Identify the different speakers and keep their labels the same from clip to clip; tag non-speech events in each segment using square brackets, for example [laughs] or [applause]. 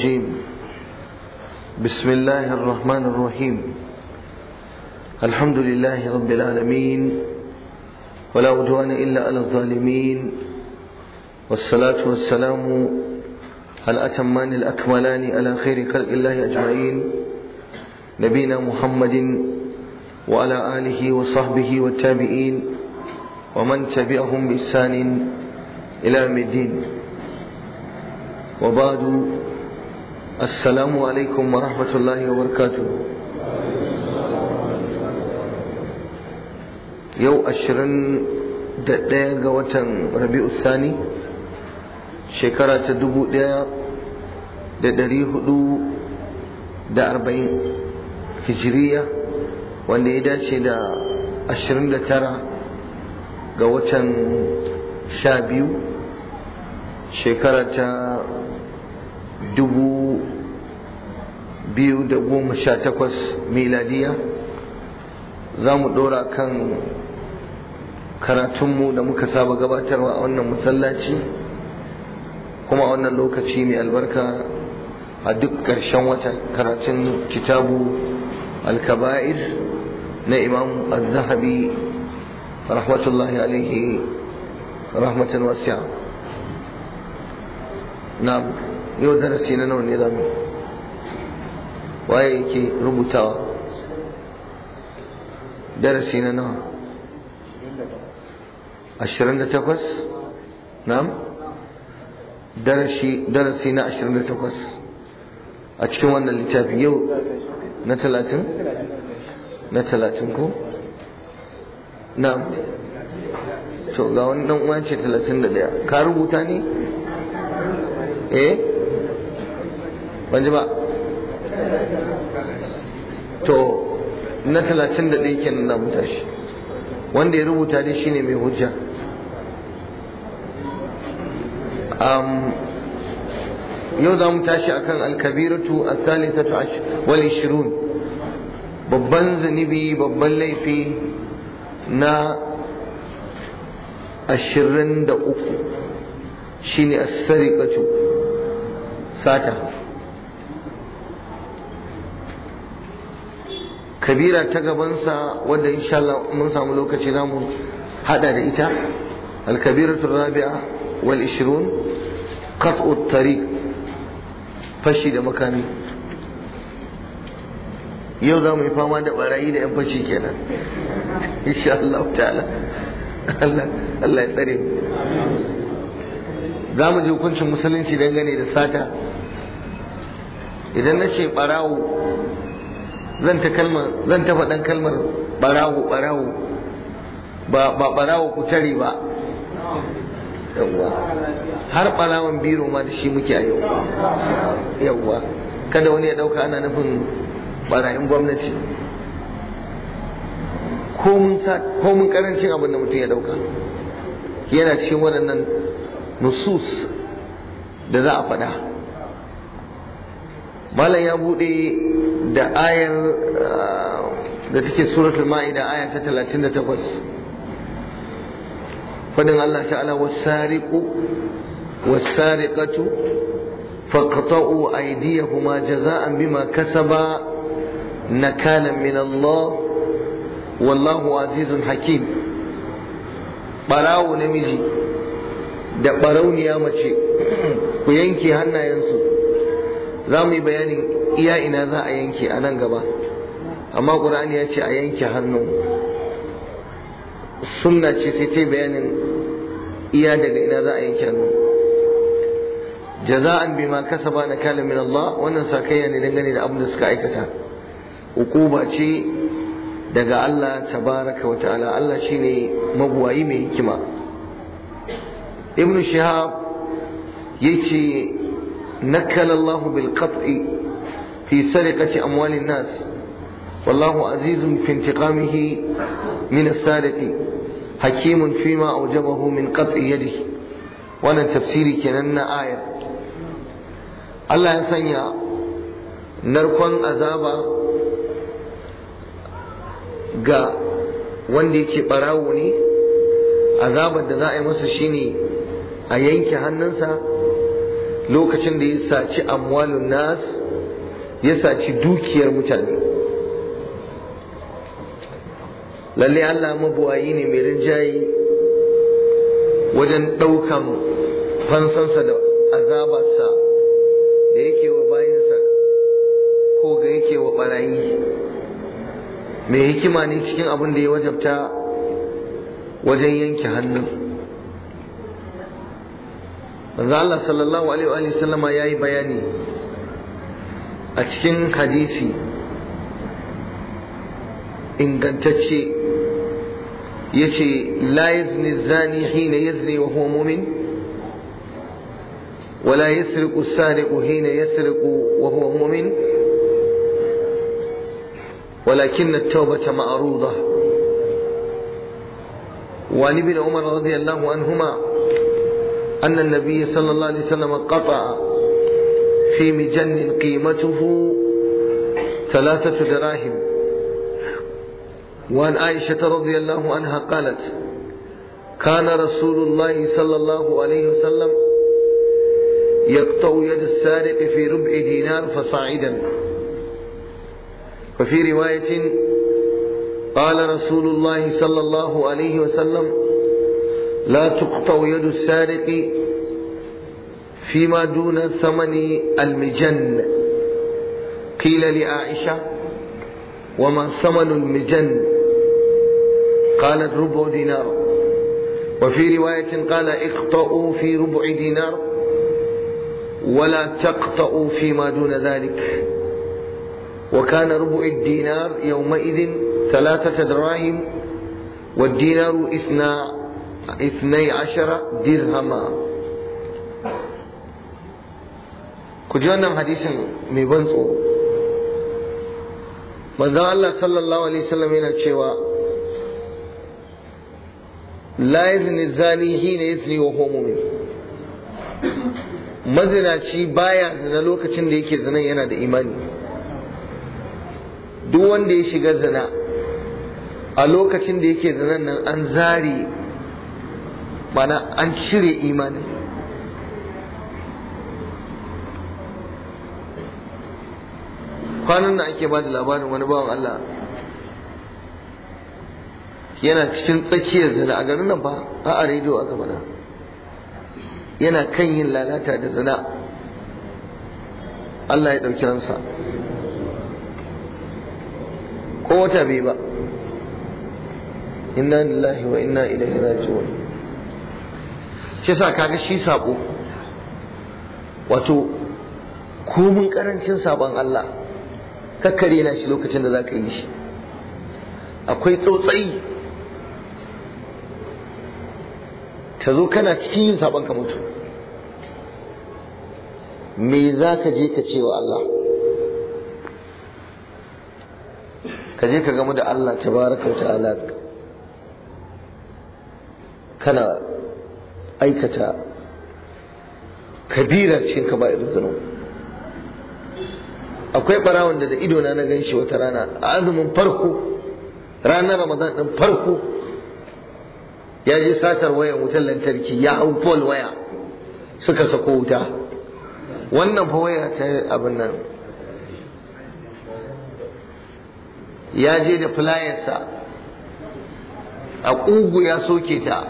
Speaker 1: الرجيم بسم الله الرحمن الرحيم الحمد لله رب العالمين ولا عدوان إلا على الظالمين والصلاة والسلام الأتمان الأكملان على خير خلق الله أجمعين نبينا محمد وعلى آله وصحبه والتابعين ومن تبعهم بإحسان إلى يوم الدين وبعد assalamu alaikum wa rahmatullahi wa barkatu yau ashirin da ɗaya ga watan rabi'u sani shekara ta dubu ɗaya da ɗari hudu da arba'in hijiriya wanda ya dace da ashirin da tara ga watan sha biyu shekara ta dubu biyu da goma sha takwas miladiya za mu ɗora kan karatunmu da muka saba gabatarwa a wannan masallaci kuma a wannan lokaci mai albarka a duk ƙarshen wata karatun kitabu alkaba'ir na imam al-zahabi rahmatullahi alaihi rahmatan
Speaker 2: na yau darasi na nawa ne za mu
Speaker 1: waye yake rubutawa
Speaker 2: darasi na nawa
Speaker 1: ashirin da takwas
Speaker 2: darasi na ashirin da takwas a cikin wannan littafi yau na talatin na
Speaker 1: talatin ko to ga wannan ce talatin ka rubuta ne eh? ban ji ba to na talatin da ɗaya kenan na muta shi
Speaker 2: wanda ya rubuta dai shine mai hujja yau za mu tashi
Speaker 1: akan alkabiratu athalisatu wal ishirun babban zunubi babban laifi na ashirin da uku shine as-sariqatu sata kabira ta gabansa wanda insha Allah mun samu lokaci za mu hada da ita al-kabiratu rabi'a wal 20 qat'u tariq fashi da makami yau za mu yi fama da barayi da yan fashi kenan
Speaker 2: [laughs] insha
Speaker 1: Allah ta'ala Allah ya tsare za mu ji hukuncin musulunci dangane da sata idan na ce barawo zan ta kalma zan ta faɗan kalmar barawo barawo ba barawo ku tare ba yawwa har ɓarawon biro ma da shi muke a yau yawwa kada wani ya dauka ana nufin barayin gwamnati ko mun karancin abin da mutum ya dauka yana cikin waɗannan nusus da za a faɗa malam ya buɗe da ayar uh, da take suratul ma'ida aya ta 38 fadin Allah ta'ala was-sariqu was-sariqatu faqta'u aydiyahuma jaza'an bima kasaba nakalan min Allah wallahu azizun hakim barawo namiji da barauniya mace ku yanke hannayensu za mu yi bayanin iya ina za a yanke a nan gaba amma ƙur'ani ya ce a yanke hannu sunna ce sai ta bayanin iya daga ina za a yanke hannu jaza'an bima kasaba na kalamin Allah wannan sakayya ne dangane da abin da suka aikata hukuma ce daga Allah tabaraka wa ta'ala Allah shine magwayi mai hikima ibn shihab yace nakala Allah bil qat'i في سرقة أموال الناس والله عزيز في انتقامه من السارق حكيم فيما أوجبه من قطع يده وانا تفسيري كنن آية الله يسنيا نركن أزابا ga wanda yake barawo ne azabar da za a yi masa shine a yanke hannunsa lokacin da ya saci amwalun nas ya saci dukiyar mutane lalle Allah mabuwayi ne mai rinjaye wajen ɗaukan fansansa da azabarsa da yake wa bayansa ko ga yake wa barayi? mai hikima ne cikin abin da ya wajabta wajen yanke hannun manzo Allah sallallahu alaihi wa sallama yayi bayani a cikin hadisi ingantacce ya ce la yazni zani hina yazni wa huwa mumin ولا يسرق السارق حين يسرق وهو مؤمن ولكن التوبة معروضة وعن ابن عمر رضي الله عنهما أن النبي صلى الله عليه وسلم قطع في مجن قيمته ثلاثة دراهم وعن عائشة رضي الله عنها قالت كان رسول الله صلى الله عليه وسلم يقطع يد السارق في ربع دينار فصاعدا وفي رواية قال رسول الله صلى الله عليه وسلم لا تقطع يد السارق فيما دون ثمن المجن قيل لعائشة وما ثمن المجن قالت ربع دينار وفي رواية قال اقطعوا في ربع دينار ولا تقطعوا فيما دون ذلك وكان ربع الدينار يومئذ ثلاثة دراهم والدينار اثنى اثني عشر درهما ku ji wannan hadisin mai ban tsoro manzon Allah sallallahu alaihi wasallam yana cewa la yazni zani hina yazni wa huwa mu'min mazinaci baya zina lokacin da yake zina yana da imani duk wanda ya shiga zina a lokacin da yake zina nan an zari mana an cire imanin
Speaker 2: kwanan da ake ba da labarin
Speaker 1: wani bawan Allah yana cikin tsakiyar zina a garin nan ba a rediyo aka faɗa yana kan yin lalata da zina Allah ya ɗauki ransa ko wata bai ba inna lillahi wa inna ilaihi raji'un shi yasa kaga shi sako wato ko mun karancin sabon Allah kakkare na shi lokacin da za ka yi shi akwai tsautsayi ka zo kana cikin yin saban ka mutu me za ka je ka ce wa Allah ka je ka gamu da Allah tabaraka ta'ala kana aikata kabirar cikin ka ba irin akwai ɓarawon da da ido na gan shi wata rana a azumin farko ranar ramadan ɗin farko ya je satar wayan wutar lantarki ya hau pole waya suka sako wuta wannan fa waya ta abin nan ya je da filayarsa a ƙugu ya soke ta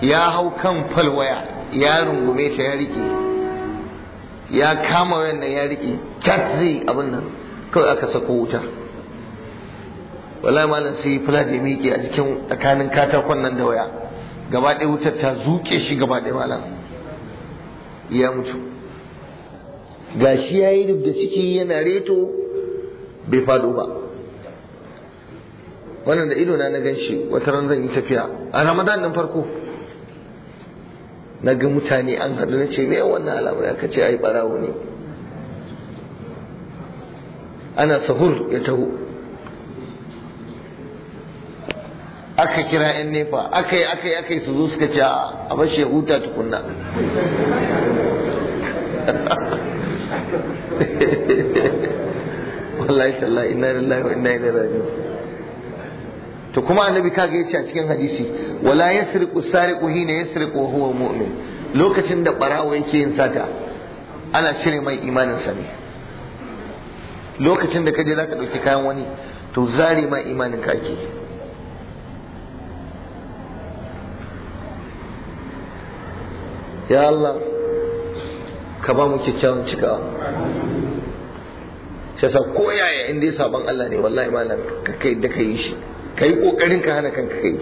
Speaker 1: ya hau kan falwaya ya rungume ta ya rike ya kama wannan ya rike cat zai abin nan kawai aka sako wuta wallahi malam sai flat ya miƙe a jikin tsakanin katakon nan da waya gaba ɗaya wutar ta zuke shi gaba ɗaya malam ya mutu gashi ya yi da ciki yana reto bai faɗo ba wannan da ido na na gan shi wata ran zan yi tafiya a ramadan nan farko na ga mutane an haɗu na ce mai wannan alamar ya kace ai barawo ne ana sahur ya taho aka kira yan nefa aka yi aka yi aka yi su zo suka ce a bashi ya huta tukunna [laughs] wallahi tallahi inna lillahi wa inna ilaihi raji'un to kuma annabi kaga yace a cikin hadisi wala yasriqu sariqu hina yasriqu wa huwa mu'min lokacin da barawo yake yin sata ana cire mai imanin sa ne lokacin da kaje zaka dauki kayan wani to zare ma imanin ka ake ya Allah ka ba mu kyakkyawan cikawa sai sa koyaya in dai sabon Allah ne wallahi malam ka kai da ka yi shi ka yi ƙoƙarin ka hana kanka kai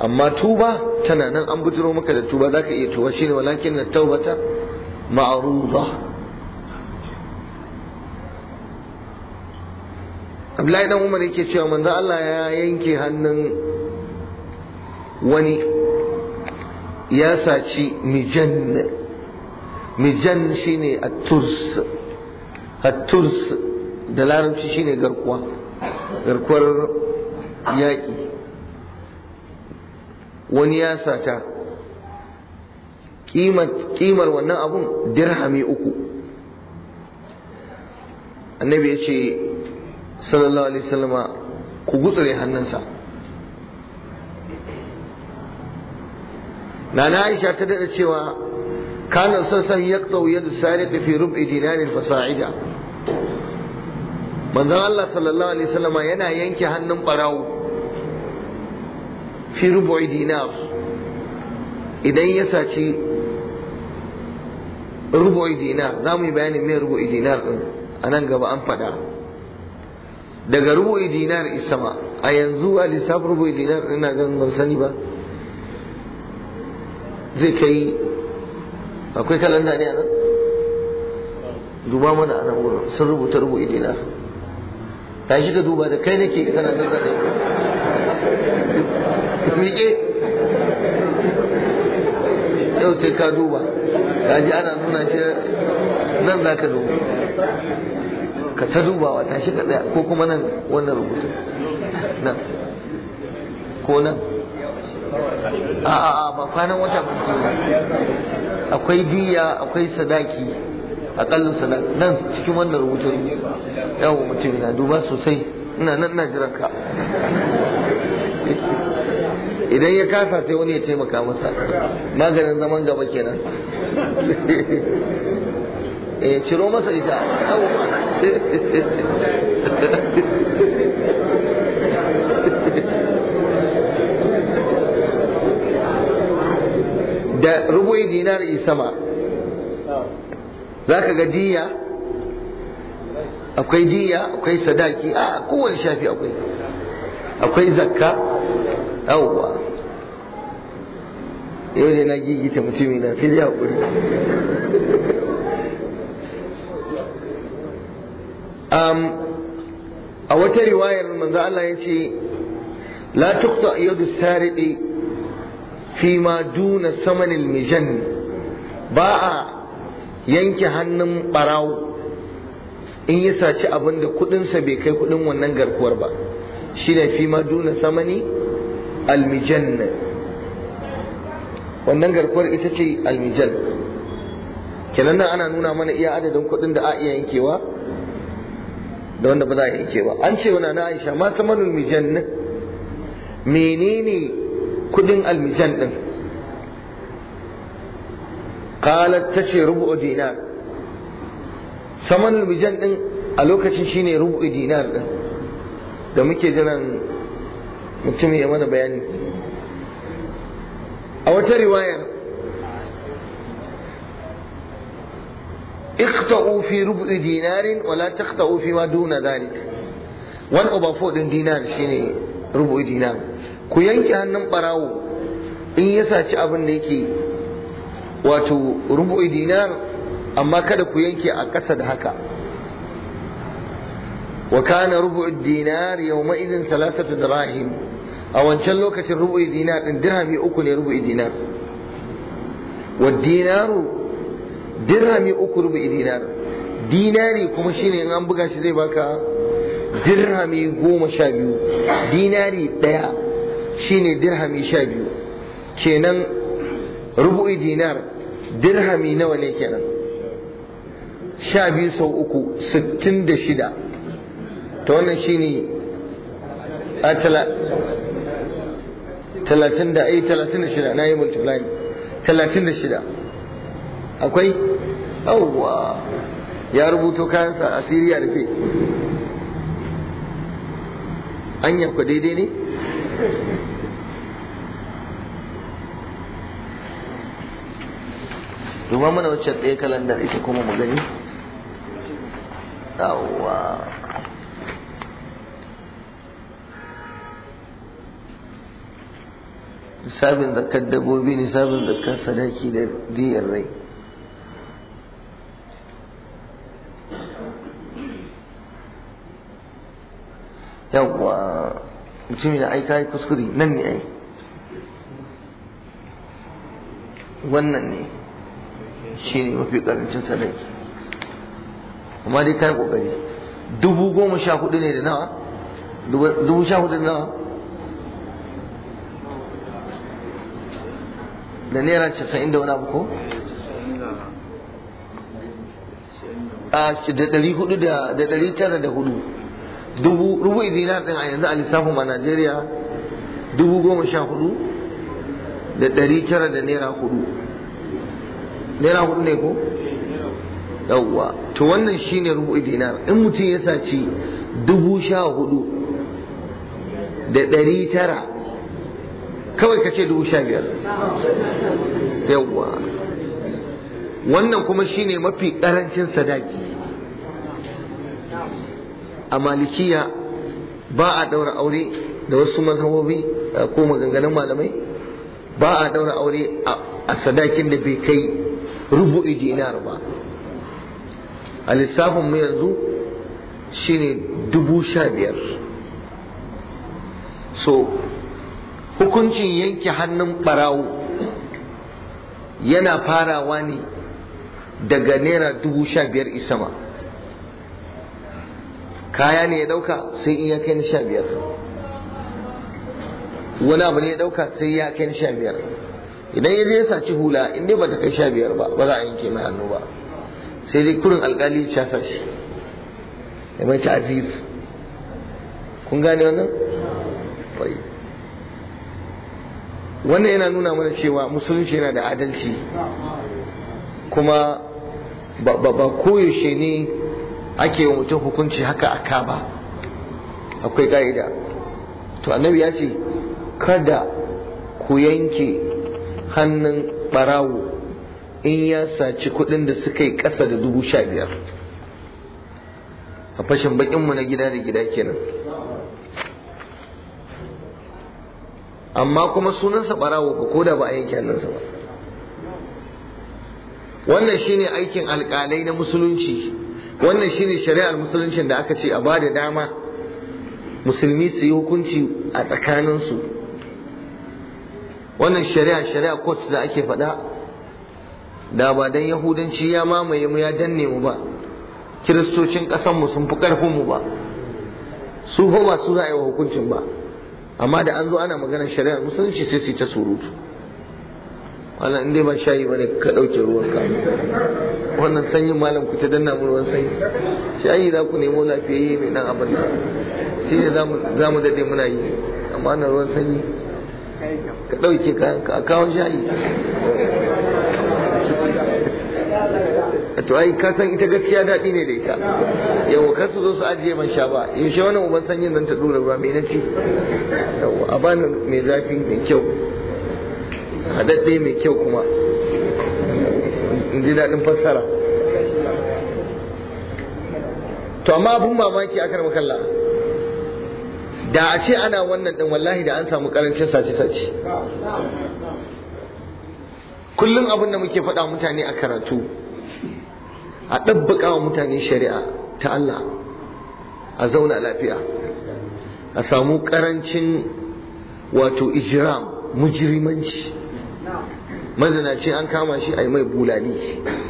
Speaker 1: amma tuba tana nan an bujiro maka da tuba za ka iya tuba shine walakin na taubata ma'aruba Abdullahi dan Umar yake cewa manzo Allah ya yanke hannun wani ya saci mijan mijan shine at-turs at-turs da larabci shine garkuwa garkuwar yaƙi wani ya sata ƙimar wannan abun dirhami uku annabi ya ce sallallahu alaihi wasallama ku gutsure hannunsa nana aisha ta daɗa cewa kanan sassan ya ƙauyar sariƙa fi rub'i dinarin fasa'ida manzon Allah sallallahu alaihi wasallam yana yanke hannun barawo fi rubu'i dinar idan ya saci rubu'i dinar za mu yi bayanin mai rubu'i dinar din a nan gaba an faɗa daga rubu'i dinar isama a yanzu a lissaf rubu'i dinar ina ganin ban sani ba zai kai akwai kalanda ne a nan duba mana a nan wurin sun rubuta rubu'i dinar ta shiga duba da kai nake kana nan zaɗe miƙe yau sai ka duba ka ji ana nuna shi nan za ka duba ka ta dubawa ta shiga ɗaya ko kuma nan wannan rubutun nan ko nan a'a ba kwanan wata akwai diya akwai sadaki akallinsa nan cikin wannan rubutun yawo mutum na duba sosai ina nan na jiran ka idan ya kasa sai wani ya taimaka masa maganin zaman gaba kenan
Speaker 2: [laughs]
Speaker 1: e ciro masa ita [laughs] da dinar dinari sama Zaka ga diya akwai diya akwai sadaki a kowane shafi akwai akwai zakka yawwa yau ne na gigita mutumi na sai ya haƙuri a wata riwayar manzo Allah ya ce la tuqta yadu sariqi fi ma duna samanil mijan ba a yanke hannun barawo in yi saci abin da kudinsa bai kai kudin wannan garkuwar ba shi ne fi maduna samani almijanna wannan garkuwar ita ce almijan kenan nan ana nuna mana iya adadin kudin da a iya yankewa da wanda ba za a iya yankewa, an ce wani na aisha ma samanul mijanna menene kudin almijan din qalat tace rubu'u dinar saman lubijan din a lokacin shine rubu'u dinar din da muke jiran mutum ya mana bayani a wata riwayar اقطعوا في ربع دينار ولا تقطعوا فيما دون ذلك وان اوبر فور din dinar shine rubu dinar ku yanke hannun barawo in ya saci abin da yake wato rubu'i dinar amma kada ku yanke a ƙasa da haka wa kana rubu'i dinar yawma idin salasatu dirahim a wancan lokacin rubu'i dinar din dirhami uku ne rubu'i dinar wa dinaru dirhami uku rubu'i dinar dinari kuma shine in an buga shi zai baka dirhami goma sha biyu dinari ɗaya shine dirhami sha biyu kenan rubu'i dinar dirhami nawa ne kenan sha biyu sau uku sittin da shida ta wannan shi ne
Speaker 2: a talatin da ai eh, talatin da shida na yi
Speaker 1: multiplying talatin da shida akwai yawwa ya rubuto kayansa a siriya rufe an yanku daidai ne domin mana wacce ɗaya kalandar ita kuma mu gani yawwa nisabin zakar dabbobi nisabin zakar sadaki da diyar rai yawwa mutumin da aika yi kuskuri nan ne ai wannan ne shi ne mafi karancin sadaki amma dai kai kokari dubu goma sha hudu ne da nawa dubu sha hudu da nawa
Speaker 2: da naira casa'in da wani abu ko
Speaker 1: a da ɗari hudu da ɗari tara da hudu dubu rubu dinar ɗin a yanzu a lissafin ma najeriya dubu goma sha hudu da ɗari tara da naira hudu naira hudu ne ko yawwa to wannan shine rubu dinar in mutum ya saci dubu sha hudu da ɗari tara kawai ka ce dubu sha biyar yawwa wannan kuma shine mafi ƙarancin sadaki a malikiya ba a ɗaura aure da wasu mazhabobi ko maganganun malamai ba a ɗaura aure a sadakin da bai kai rubu'i dinar ba a lissafin mu yanzu shine dubu sha biyar so hukuncin yanke hannun barawo yana farawa ne daga naira dubu sha biyar isama kaya ne ya dauka sai in ya kai na sha biyar wani abu ne ya dauka sai ya kai na sha biyar idan ya je ya saci hula in dai ta kai sha biyar ba ba za a yanke mai hannu ba sai dai kurin alkali ya shafa shi ya mai aziz. kun gane wannan bai wannan yana nuna mana cewa musulunci yana da adalci kuma ba koyaushe ne ake wa mutum hukunci haka a kaba akwai ka'ida to annabi ya ce kada ku yanke hannun barawo in ya saci kuɗin da suka yi ƙasa da dubu sha biyar a fashin bakinmu na gida da gida kenan amma kuma sunansa barawo ko da ba a yanki hannunsa ba wannan shine aikin alƙalai na musulunci wannan shine shari'ar musuluncin da aka ce a ba da dama musulmi su yi hukunci a tsakaninsu wannan shari'a shari'a court da ake faɗa da ba dan yahudanci ya mamaye mu ya danne mu ba kiristocin ƙasar mu sun fi ƙarfin mu ba su fa ba su za a yi hukuncin ba amma da an zo ana maganar shari'a musulunci sai su ta surutu wannan inda ba shayi bane ka ɗauke ruwan ka wannan sanyin malam ku ta danna mu ruwan sanyi shayi za ku nemo lafiyayye mai dan abin nan sai da za mu daɗe muna yi amma na ruwan sanyi ka ɗauke kayan ka kawo shayi to ai ka san ita gaskiya daɗi ne da ita yau kar su zo su ajiye man sha ba yaushe wani uban sanyin nan ta dura ruwa mai na ci a bani mai zafi mai kyau haɗaɗɗe mai kyau kuma in ji daɗin fassara to amma abun mamaki akar makalla da a ce ana wannan din wallahi da an samu karancin sace-sace kullum abin da muke faɗa mutane a karatu a ɗabbaƙa wa mutane shari'a ta Allah a zauna lafiya a samu ƙarancin wato ijram mujrimanci mazanaci an kama shi a yi mai bulali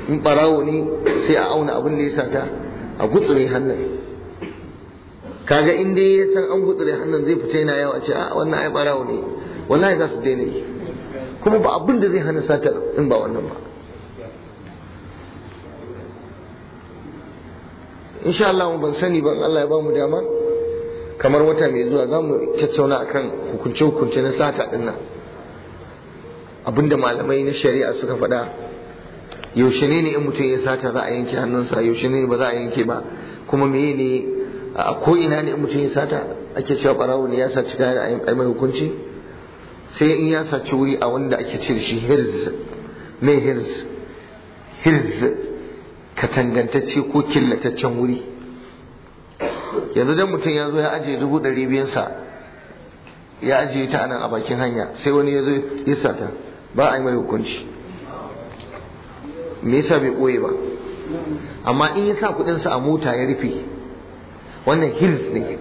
Speaker 1: in ɓarawo ne sai a auna abin da ya sata a gutsure hannun kaga in dai ya san an gutsure hannun zai fita yana yawa ce a ah, wannan ai barawo ne wallahi za su daina yi kuma ba abin da zai hana satar in ba wannan ba insha Allah ban sani ban Allah ya ba mu dama kamar wata mai zuwa za mu tattauna akan hukunce-hukunce na sata din nan abinda malamai na shari'a suka faɗa yaushe ne in mutum ya sata za a yanke hannunsa yaushe ne ba za a yanke ba kuma me ne a ko ina ne mutum ya sata ake cewa barawo ne ya saci kayan a mai hukunci sai in ya saci wuri a wanda ake ce da shi hirz mai hirz hirz katangantacce ko killataccen wuri yanzu dan mutum ya zo ya ajiye dubu ɗari biyan sa ya ajiye ta anan a bakin hanya sai wani ya zo ya sata ba a yi mai hukunci me yasa bai ɓoye ba amma in ya sa kuɗinsa a mota ya rufe wannan hirs ne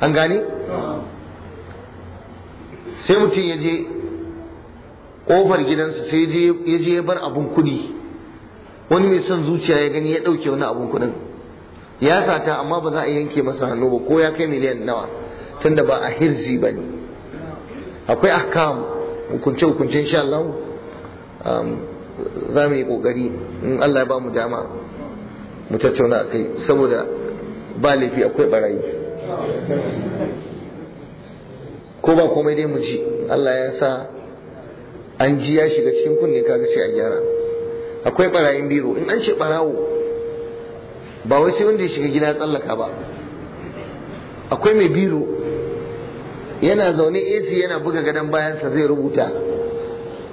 Speaker 1: an gane sai mutum ya je ƙofar gidansa sai ya je ya bar abin kuɗi wani mai son zuciya ya gani ya ɗauke wani abin kuɗin ya sata amma ba za a yanke masa hannu ba ko ya kai miliyan nawa tunda ba a hirzi ba ne akwai ahkam hukunce hukunce insha Allah um, za mu yi ƙoƙari in Allah ya ba mu dama mu tattauna kai saboda ba laifi akwai barayi ko ba komai dai mu ji Allah ya sa an ji ya shiga cikin kunne kaga sai a gyara akwai barayin biro in an ce barawo ba wai sai wanda ya shiga gida tsallaka ba akwai mai biro yana zaune AC yana buga gadon bayansa zai rubuta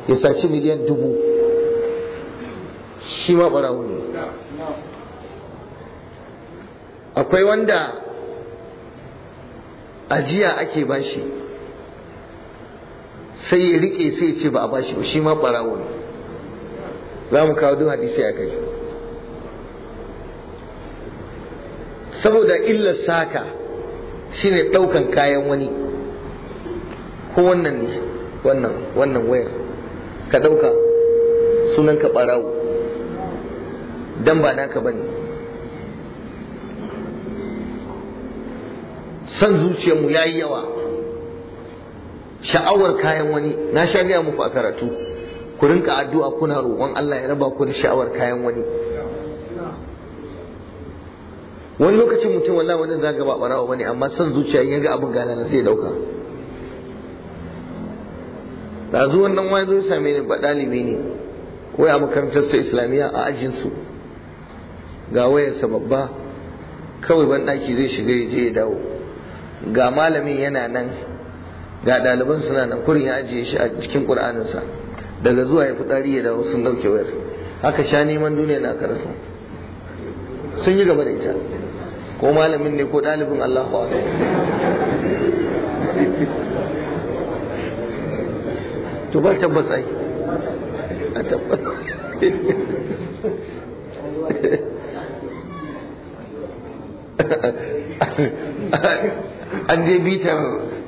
Speaker 1: ya saci miliyan dubu shi ma barawo ne akwai wanda ajiya ake bashi sai ya rike sai ya ce ba a bashi ba shi ma barawo ne za mu kawo duk hadisi a kai saboda illar saka shine ɗaukan kayan wani ko wannan ne wannan wannan wayar ka ɗauka sunan ka ɓarawo dan ba naka bane San zuciyarmu ya yi yawa sha'awar kayan wani na sha gaya muku a karatu ku rinka addu'a kuna roƙon Allah ya raba ku da sha'awar kayan wani wani lokacin mutum wallahi wani zaga ba barawa bane amma san zuciya ya ga abin gana sai ya dauka dazu wannan wani zo same ni ba dalibi ne ko ya makarantar sa islamiyya a ajin su ga wayarsa babba kawai ban daki zai shiga ya je ya dawo ga malami yana nan ga ɗaliban suna nan kurin ya ajiye shi a cikin ƙur'aninsa daga zuwa ya fitsari ya dawo sun ɗauke wayar haka sha neman duniya na karasa sun yi gaba da ita ko malamin ne ko ɗalibin Allah ba to ba tabbas ai a tabbas [laughs] an je bitar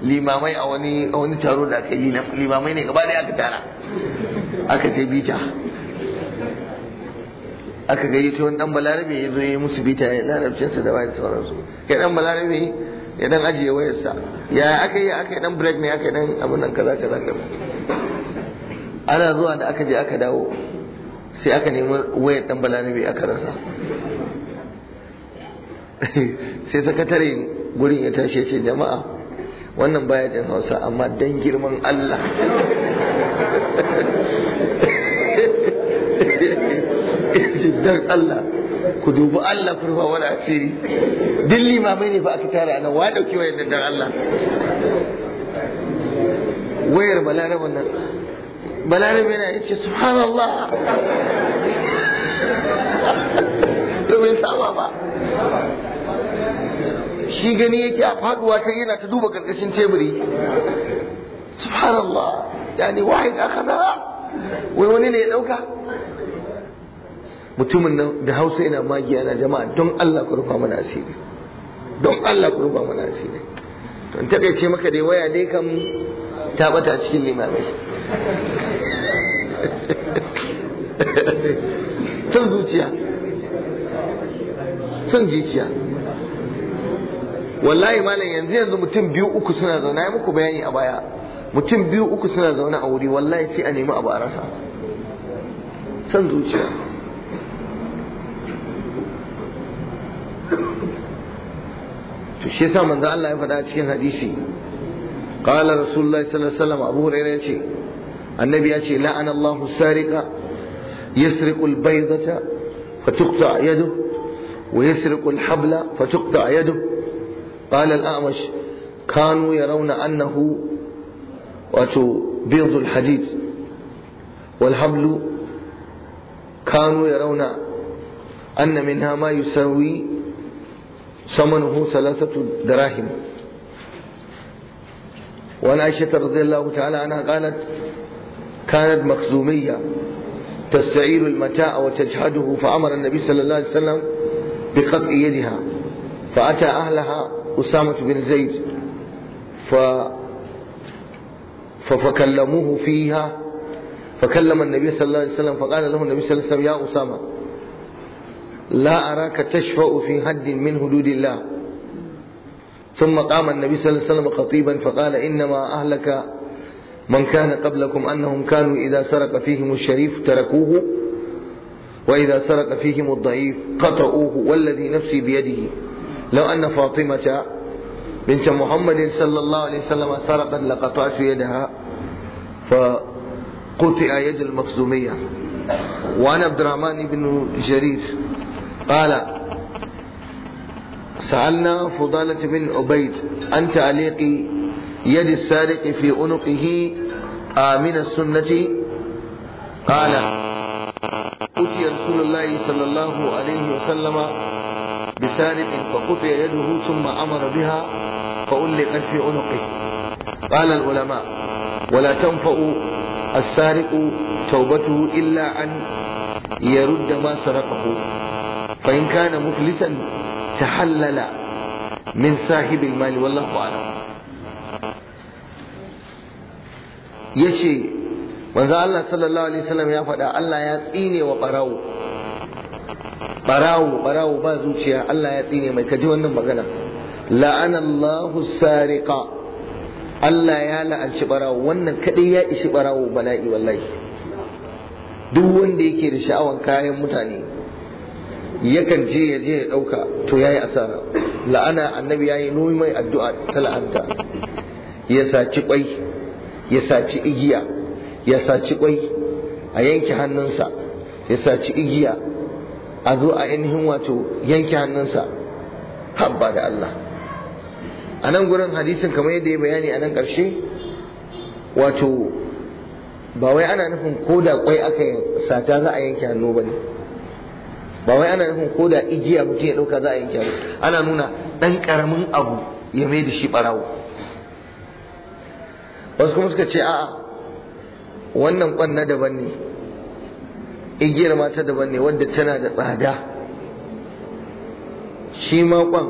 Speaker 1: limamai a wani a wani taro da aka yi limamai ne gaba
Speaker 2: ɗaya aka tara aka ce
Speaker 1: bita aka ta wani dan balarabe ya zo ya musu bita ya larabcinsa da bayan sauransu ya dan balarabe ya dan ajiye wayarsa ya aka yi aka yi dan break ne aka yi dan abin nan kaza kaza kaza ana zuwa da aka je aka dawo sai aka nemi wayar dan balarabe aka rasa [laughs] sai sakatare gurin ya tashi ce jama'a wannan baya jin hausa amma dan girman Allah
Speaker 2: [laughs]
Speaker 1: dan Allah ku dubi Allah furfa wani asiri duk limamai ne ba aka tara nan wa dauki wayar dan Allah wayar balaraban nan balarabe yana yace subhanallah
Speaker 2: [laughs]
Speaker 1: to bai saba ba shi gani yake a faduwa ta yana ta duba karkashin teburi subhanallah yani aka zara wai wani ne ya dauka mutumin nan da Hausa yana magiya na jama'a don Allah ku rufa mana asiri don Allah ku rufa mana asiri don in takaice maka dai waya dai kam ta bata cikin limamai [laughs] tun zuciya son zuciya wallahi malam yanzu yanzu mutum biyu uku suna zauna ya muku bayani a baya mutum biyu uku suna zauna a wuri wallahi sai a nemi abu a rasa son zuciya to shi yasa manzo Allah ya faɗa cikin hadisi qala rasulullahi sallallahu alaihi wasallam abu hurairah yace annabi yace la'ana Allahu sariqa yasriqu al-baydata fa tuqta yaduhu ويسرق الحبل فتقطع يده قال الأعمش كانوا يرون أنه وتبيض بيض الحديد والحبل كانوا يرون أن منها ما يساوي ثمنه ثلاثة دراهم وعن عائشة رضي الله تعالى عنها قالت كانت مخزومية تستعير المتاع وتجحده فأمر النبي صلى الله عليه وسلم بقطع يدها فأتى أهلها أسامة بن زيد ف فكلموه فيها فكلم النبي صلى الله عليه وسلم فقال له النبي صلى الله عليه وسلم يا أسامة لا أراك تشفأ في حد من حدود الله ثم قام النبي صلى الله عليه وسلم خطيبا فقال إنما أهلك من كان قبلكم أنهم كانوا إذا سرق فيهم الشريف تركوه وإذا سرق فيهم الضعيف قطعوه والذي نفسي بيده لو أن فاطمة بنت محمد صلى الله عليه وسلم سرقت لقطعت يدها فقطع يد المخزومية وعن عبد الرحمن بن جرير قال سألنا فضالة بن عبيد عن تعليق يد السارق في عنقه آمن السنة قال أتي رسول الله صلى الله عليه وسلم بسالب فقطع يده ثم أمر بها فألقت في عنقه قال العلماء ولا تنفع السارق توبته إلا أن يرد ما سرقه فإن كان مفلسا تحلل من صاحب المال والله أعلم يشي manzo Allah sallallahu alaihi wasallam ya faɗa Allah ya tsine wa Ɓarawo ɓarawo barawo ba zuciya Allah ya tsine mai kaji wannan magana la'anallahu sariqa Allah ya la'anci ɓarawo, wannan kadai ya ishi ɓarawo bala'i wallahi duk wanda yake da sha'awan kayan mutane yakan je ya je ya dauka to yayi asara la'ana annabi yayi yi mai addu'a ta la'anta ya saci kwai ya saci igiya ya saci kwai
Speaker 2: a yanke hannunsa
Speaker 1: ya saci igiya a zo a ainihin wato yanke hannunsa habba da Allah a nan gurin hadisin kamar yadda ya bayani a nan ƙarshe wato ba wai ana nufin ko da kwai aka sata za a yanke hannu ba ne ba wai ana nufin ko da igiya mutum ya ɗauka za a yanke hannu ana nuna ɗan ƙaramin abu ya mai da shi ɓarawo wasu kuma suka ce a'a wannan kwanna na daban ne igiyar mata daban ne wadda tana da tsada shi ma kwan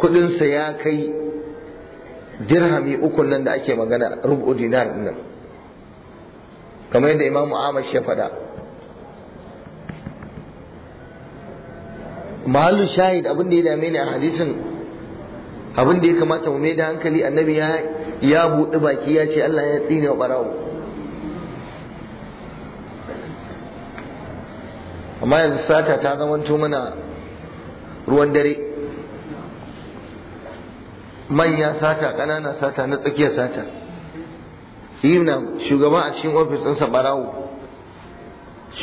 Speaker 1: kudinsa ya kai dirhami uku nan da ake magana rubu dinar nan kamar yadda imamu ahmad ya faɗa mahallu shahid abin da ya dame ni a hadisin abin da ya kamata mu mai da hankali annabi ya ya buɗi baki ya ce Allah ya tsine wa ɓarawo amma yanzu sata ta zamanto mana ruwan dare manya sata ƙanana sata na tsakiyar sata na shugaban a cikin ofis ɗinsa ɓarawo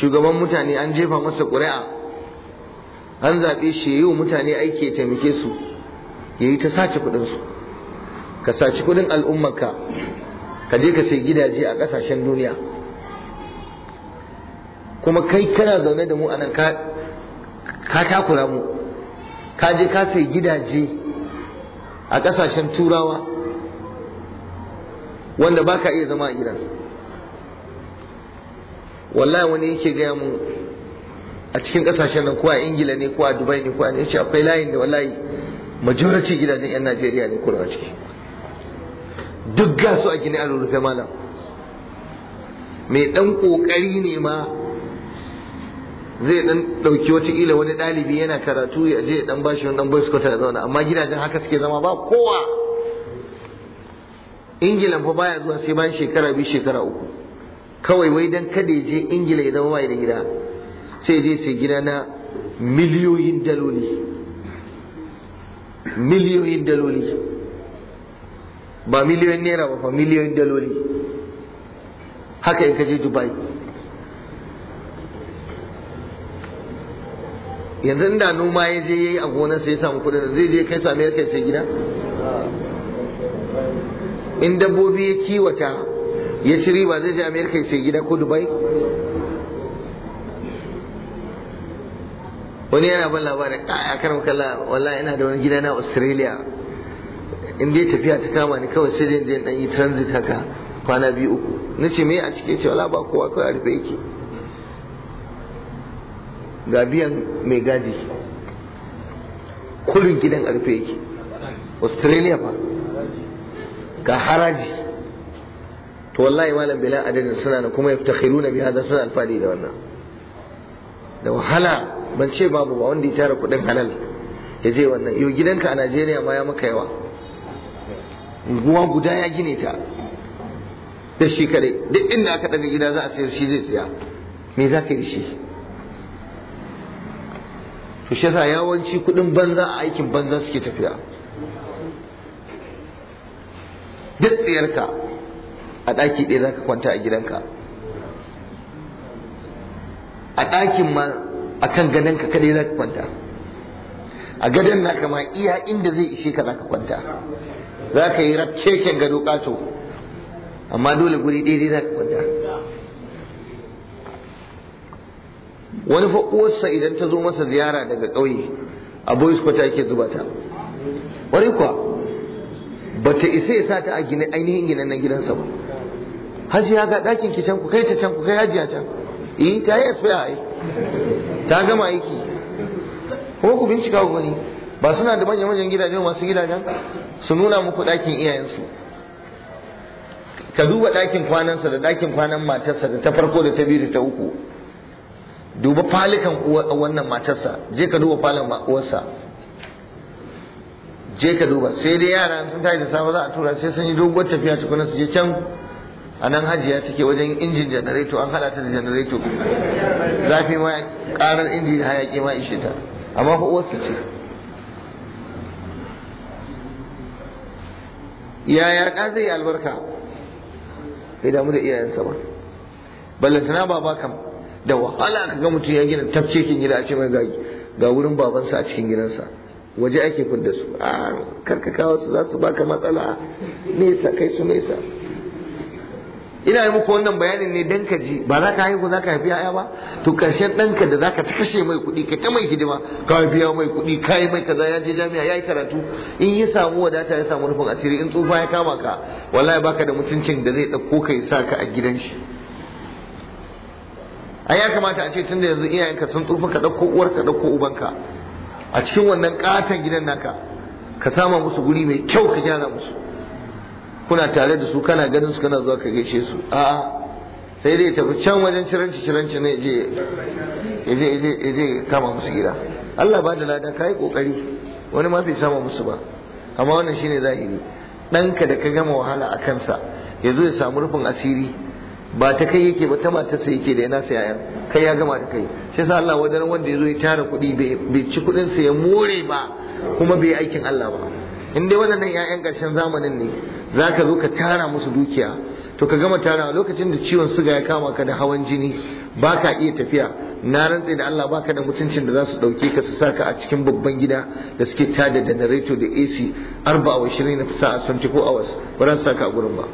Speaker 1: shugaban mutane an jefa masa ƙuri'a an zaɓe shi yi mutane aiki ya taimake su ya yi ta sace kuɗinsu ka saci kudin al'ummarka ka je ka sai gidaje a kasashen duniya kuma kai kana zaune da mu a nan,
Speaker 2: ka
Speaker 1: takura mu ka je ka sai gidaje
Speaker 2: a kasashen turawa
Speaker 1: wanda ba ka iya zama a gidan wallahi wani yake gaya mu a cikin kasashen nan ko a ingila ne ko a dubai ne ko a ne ce akwai layin da wallahi majority gidajen 'yan najeriya ne kuwa ciki duk ga su a gini a rurrufe malam mai ɗan ƙoƙari ne ma zai ɗan ɗauki wata kila wani ɗalibi yana karatu ya je ɗan dan bashi wani ɗan boys quarter ya zauna amma gidajen haka suke zama ba kowa ingila fa baya zuwa sai bayan shekara biyu shekara uku kawai wai dan kada ya je ingila ya zama bai da gida sai je sai gida na miliyoyin daloli miliyoyin daloli ba miliyoyin naira ba fa miliyoyin daloli haka in ka je dubai yanzu inda noma ya je yayi a gonar sai ya samu kudin zai je kai sami yarka sai gida in dabbobi ya kiwata
Speaker 2: ya shiri ba zai
Speaker 1: je amerika sai gida ko dubai wani yana ban labarin a karin kalla wallahi ina da wani gida na australia in dai tafiya ta kama ni kawai sai dai dan yi transit haka kwana biyu uku nace me a cike ce wala ba kowa kawai a rufe yake ga biyan mai gadi kurin gidan a rufe yake
Speaker 2: australia fa ga haraji
Speaker 1: to wallahi malam bila adadin suna na kuma yaftakhiruna bi hada suna alfadi da wannan da wahala ban ce babu ba wanda ya tara kudin halal ya je wannan yau gidanka a Najeriya ma ya maka yawa guwa guda ya gine ta da shi kare duk inda aka daga gida za a sayar shi zai siya me za ka yi shi to shi yasa yawanci kudin banza a aikin banza suke tafiya duk tsayarka a ɗaki ɗaya za ka kwanta a gidanka a ɗakin ma a kan gadonka kaɗai za ka kwanta a gadon na kama iya inda zai ishe ka za ka kwanta za ka yi rafkeken gado kato amma dole guri daidai za ka kwanta wani fa'uwarsa idan ta zo masa ziyara daga ƙauye a boys kwata yake zuba ta wani kuwa ba ta isa ya sa ta a gine ainihin ginen nan gidansa ba haji ya ga ɗakin ki can ku kai ta can ku kai a can eh ta yi asfiya ai ta gama aiki ko ku bincika ku ba suna da manyan manyan gidaje masu gidajen su nuna muku ɗakin iyayensu ka duba ɗakin kwanansa da ɗakin kwanan matarsa da ta farko da ta biyu da ta uku duba falikan wannan matarsa je ka duba falon uwarsa je ka duba sai dai yara sun tashi da safe za a tura sai sun yi doguwar tafiya tukuna su je can a nan hajiya take wajen injin janareto an haɗa ta da janareto zafi ma ƙarar injin hayaƙi ma ishe ta amma fa uwarsa ce yaya ka zai albarka idan damu da iyayensa ba ballantana baba kam da wahala ka ga mutum ya gina tafcekin gida a ce mai ga wurin babansa a cikin gidansa waje ake fidda su a karka wasu su za su baka matsala nesa kai su nesa ina yi muku wannan bayanin ne dan ka ji ba za ka haihu za ka haifi yaya ba to karshen ɗanka da za ka kashe mai kuɗi ka ta mai hidima ka haifi ya mai kuɗi ka yi mai kaza ya je jami'a ya yi karatu in ya samu wadata ya samu rufin asiri in tsufa ya kama ka wallahi baka da mutuncin da zai ɗauko ka sa ka a gidan shi a ya kamata a ce tun da yanzu iyayenka sun tsufa ka ɗauko uwar ka ɗauko ubanka a cikin wannan ƙaton gidan naka ka sama musu guri mai kyau ka gyara musu kuna tare da su kana ganin su kana zuwa ka gaishe su a'a sai dai tafi can wajen ciranci ciranci ne je je je je kama musu gida Allah ba da lada kai kokari wani ma sai sama musu ba amma wannan shine zahiri ka da ka gama wahala a kansa ya ya samu rufin asiri ba ta kai yake ba ta matarsa yake da yana ayan kai ya gama da kai shi yasa Allah wadan wanda ya zo ya tara kudi bai ci kuɗin sa ya more ba kuma bai aikin Allah ba in dai waɗannan 'ya'yan ƙarshen zamanin ne za ka zo ka tara musu dukiya to ka gama tara lokacin da ciwon suga ya kama ka da hawan jini ba ka iya tafiya na rantse da Allah baka da mutuncin da za su ɗauke ka su saka a cikin babban gida da suke tada da narrator da AC arba a washirin na fisa a 24 hours ba za su saka a gurin ba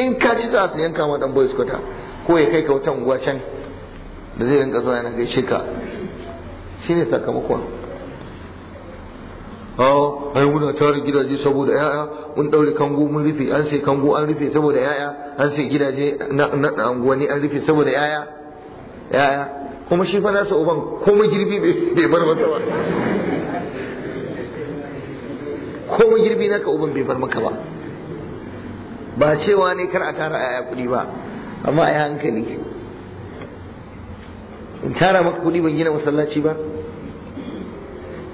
Speaker 1: in ka ci za su yanka ma ɗan boys kwata ko ya kai ka wata unguwa can da zai rinka zuwa yana gaishe ka shine sakamakon hawo ai muna tara gidaje saboda yaya mun ɗaure kango mun rufe an sai kango an rufe saboda yaya an sai gidaje na anguwanni an rufe saboda yaya yaya kuma shi fa nasa uban komai girbi bai bar masa ba komai girbi naka uban bai bar maka ba ba cewa ne kar a tara yaya kuɗi ba amma a yi hankali in tara maka kuɗi ban gina masallaci ba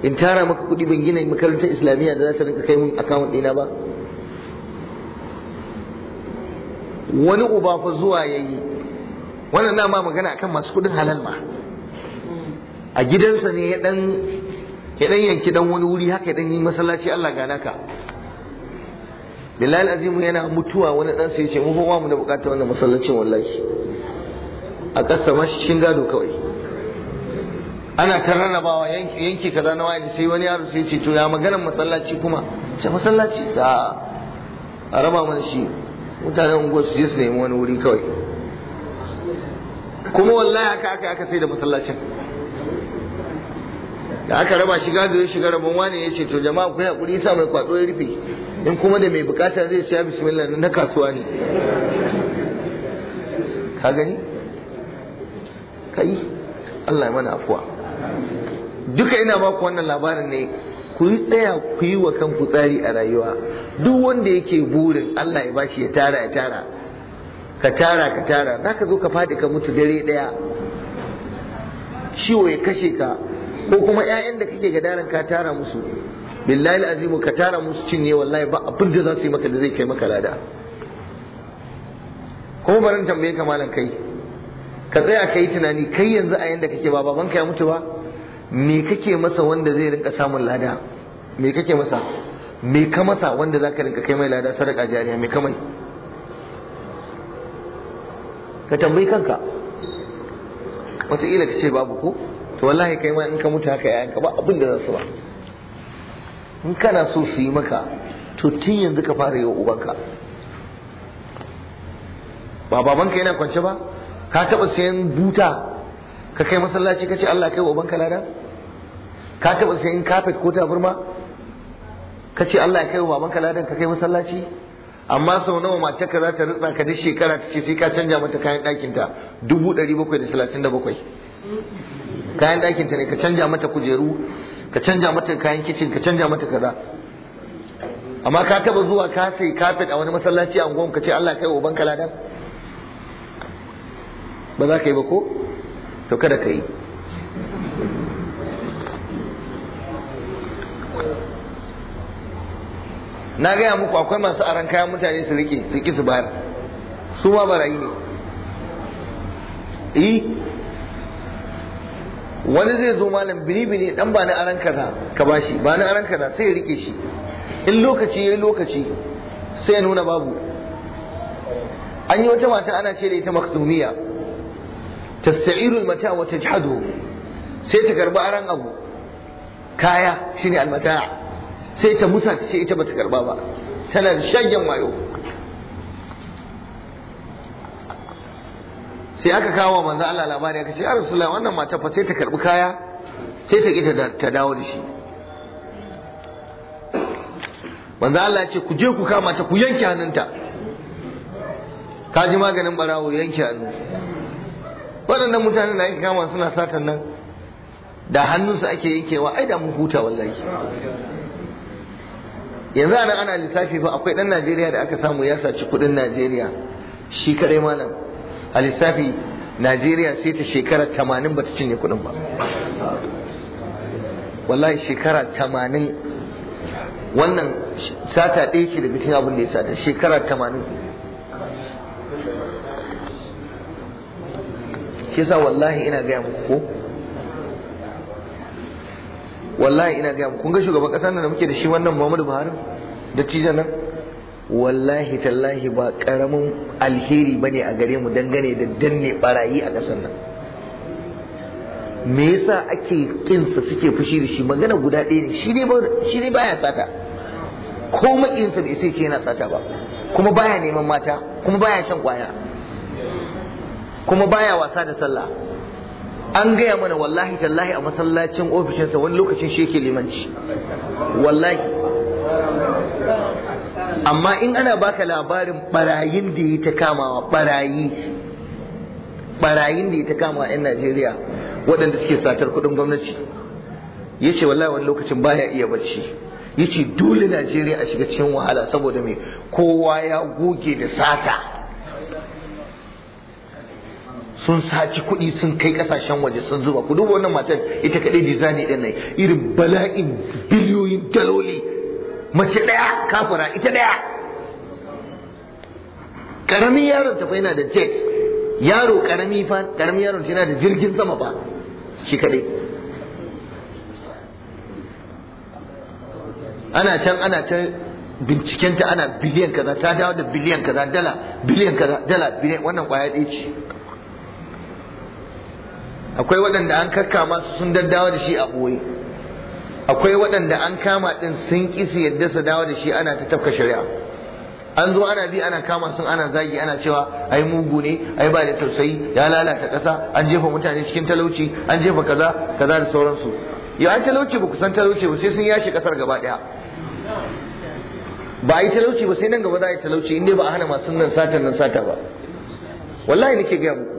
Speaker 1: in tara maka kuɗi ban gina makarantar islamiyya da za ta rinka kai mun akawun ɗina ba wani uba fa zuwa yayi yi wannan na ma magana akan masu kuɗin halal ma a gidansa ne ya dan yanki ɗan wani wuri haka ya ɗan yi masallaci Allah ga naka Bilal Azimu yana mutuwa wani ɗan sai ya ce mu ba mu da bukatar wannan masallacin wallahi a kasa ma shi cikin gado kawai ana ta rarrabawa yanki kaza na wayar sai wani yaro sai ce to ya maganar masallaci kuma ce masallaci ta a raba mana shi mutanen unguwar su je su nemi wani wuri kawai kuma wallahi haka aka aka sai da masallacin da aka raba shi gado ya shiga rabon wani ya ce to jama'a ku hakuri sa mai kwado ya rufe in kuma da mai bukata zai siya bismillah na kasuwa ne ka gani kai Allah ya mana afuwa duka ina baku wannan labarin ne ku yi tsaya ku yi wa kanku tsari a rayuwa duk wanda yake burin Allah ya bashi ya tara ya tara ka tara ka tara za ka zo ka fadi ka mutu dare daya ciwo ya kashe ka ko kuma 'ya'yan da kake daren ka tara musu billahi azimu ka tara musu cinye wallahi ba abin da za su yi maka da zai kai maka lada kuma barin tambaye ka malam kai ka tsaya ka yi tunani kai yanzu a yanda kake ba babanka ya mutu ba me kake masa wanda zai rinka samun lada me kake masa me ka masa wanda zaka rinka kai mai lada sadaka jariya me ka mai ka tambayi kanka wataƙila ka ce babu ko to wallahi kai ma in ka mutu haka yayan ka ba abin da za su ba in kana so su yi maka to tun yanzu ka fara yi wa ubanka ba babanka yana kwance ba ka taɓa sayan buta ka kai masallaci ka ce Allah kai wa banka lada ka taɓa sayan kafet ko taburma ka ce Allah kai wa babanka lada ka kai masallaci amma sau nawa ka za ta ritsa ka duk shekara ta ce sai ka canja mata kayan ɗakinta dubu ɗari bakwai da talatin da bakwai kayan ɗakinta ne ka canja mata kujeru ka canja mata kayan kicin ka canja mata kaza amma ka taba zuwa ka sai kafet a wani masallaci a unguwan ka ce Allah kai wa banka lada? ba za ka yi ba ko to kada ka yi na gaya muku akwai masu aran kayan mutane su rike su ki su bayar su ma barayi ne eh wani zai zo malam bini-bini dan ba na aran kaza ka bashi ba na aran kaza sai ya rike shi in lokaci yayi lokaci sai ya nuna babu an yi wata mata ana ce da ita maktumiya tasta'iru mata wa tajhadu sai ta karbi aran abu kaya shine almata sai ta musa ta ce ita bata karba ba tana da shagen wayo sai aka kawo manzo Allah labari aka ce ya rasulullahi wannan mata fa sai ta karbi kaya sai ta kita ta dawo da shi manzo Allah ya ce ku je ku kama ta ku yanke hannunta ka ji maganin barawo yanke hannu waɗannan mutane da ake kama suna satan nan da hannunsu ake yankewa ai da mun huta wallahi yanzu anan ana lissafi fa akwai ɗan Najeriya da aka samu ya saci kuɗin Najeriya shi kadai malam a lissafi Najeriya sai ta shekara tamanin ta cinye kuɗin ba wallahi shekara tamanin wannan sata ɗaya ce da bikin abin da ya sata shekara tamanin ke sa wallahi ina gaya muku ko wallahi ina gaya muku ga shugaban kasar nan da muke da shi wannan Muhammadu Buhari da tijan nan wallahi tallahi ba karamin alheri ba ne a gare mu dangane da danne barayi a kasar nan me yasa ake kinsa suke fushi da shi magana guda ɗaya ne shi ne baya sata ko maƙinsa bai sai ce yana sata ba kuma baya neman mata kuma baya shan kwaya kuma baya wasa da sallah an gaya mana wallahi tallahi a masallacin ofishinsa wani lokacin shi yake limanci wallahi amma in ana baka labarin barayin da ya ta kamawa barayi barayin da ya ta kama 'yan Najeriya waɗanda suke satar kuɗin gwamnati ya ce wallahi wani lokacin baya iya bacci ya ce dole Najeriya a shiga cikin wahala saboda mai kowa ya goge da sata sun saci kuɗi sun kai kasashen waje sun zuba ku duba wannan matar ita kaɗai dizani ɗin nan irin bala'in biliyoyin daloli mace ɗaya kafura ita ɗaya ƙaramin yaron ta yana da jet yaro ƙarami fa ƙaramin yaron yana da jirgin sama ba shi kaɗai ana can ana can bincikenta ana biliyan kaza ta dawo da biliyan kaza dala biliyan kaza dala biliyan wannan kwaya ɗaya ce akwai waɗanda an kakkama su sun daddawa da shi a ɓoye akwai waɗanda an kama ɗin sun ƙi su yadda su dawo da shi ana ta tafka shari'a an zo ana bi ana kama sun ana zagi ana cewa ai mugu ne ai ba da tausayi ya lalata ƙasa an jefa mutane cikin talauci an jefa kaza kaza da sauransu Ya an talauci ba kusan talauci ba sai sun yashe ƙasar gaba ɗaya ba a yi talauci ba sai nan gaba za a yi talauci inda ba a hana masu nan satan nan sata ba wallahi nake gaya muku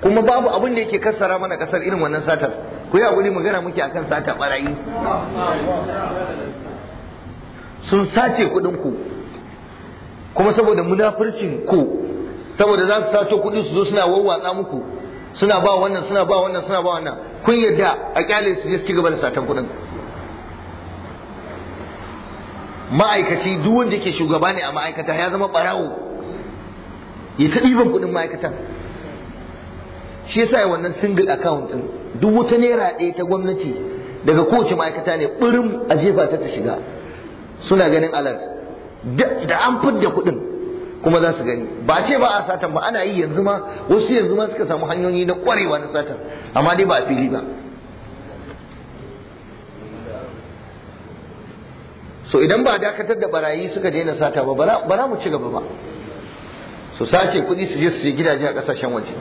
Speaker 1: kuma babu abin da yake kassara mana kasar irin wannan satar ku yi hakuri magana muke akan sata barayi sun sace kuɗin ku kuma saboda munafurcin ku saboda za su sato kudin su zo suna wawwatsa muku suna ba wannan suna ba wannan suna ba wannan kun yadda a kyale su je su gaba da satan kuɗin ma'aikaci duk wanda yake shugaba ne a ma'aikata ya zama barawo ya ta ɗiban kuɗin ma'aikatan shi yasa wannan single account din duk wata naira ɗaya ta gwamnati daga kowace ma'aikata ne ɓurin a jefa ta ta shiga suna ganin alar da an fidda kuɗin kuma za su gani ba ce ba a satan ba ana yi yanzu ma wasu yanzu ma suka samu hanyoyi na ƙwarewa na satan amma dai ba a fili ba so idan ba dakatar da barayi suka daina sata ba bara mu ci gaba ba so sace kuɗi su je su je gidaje a ƙasashen waje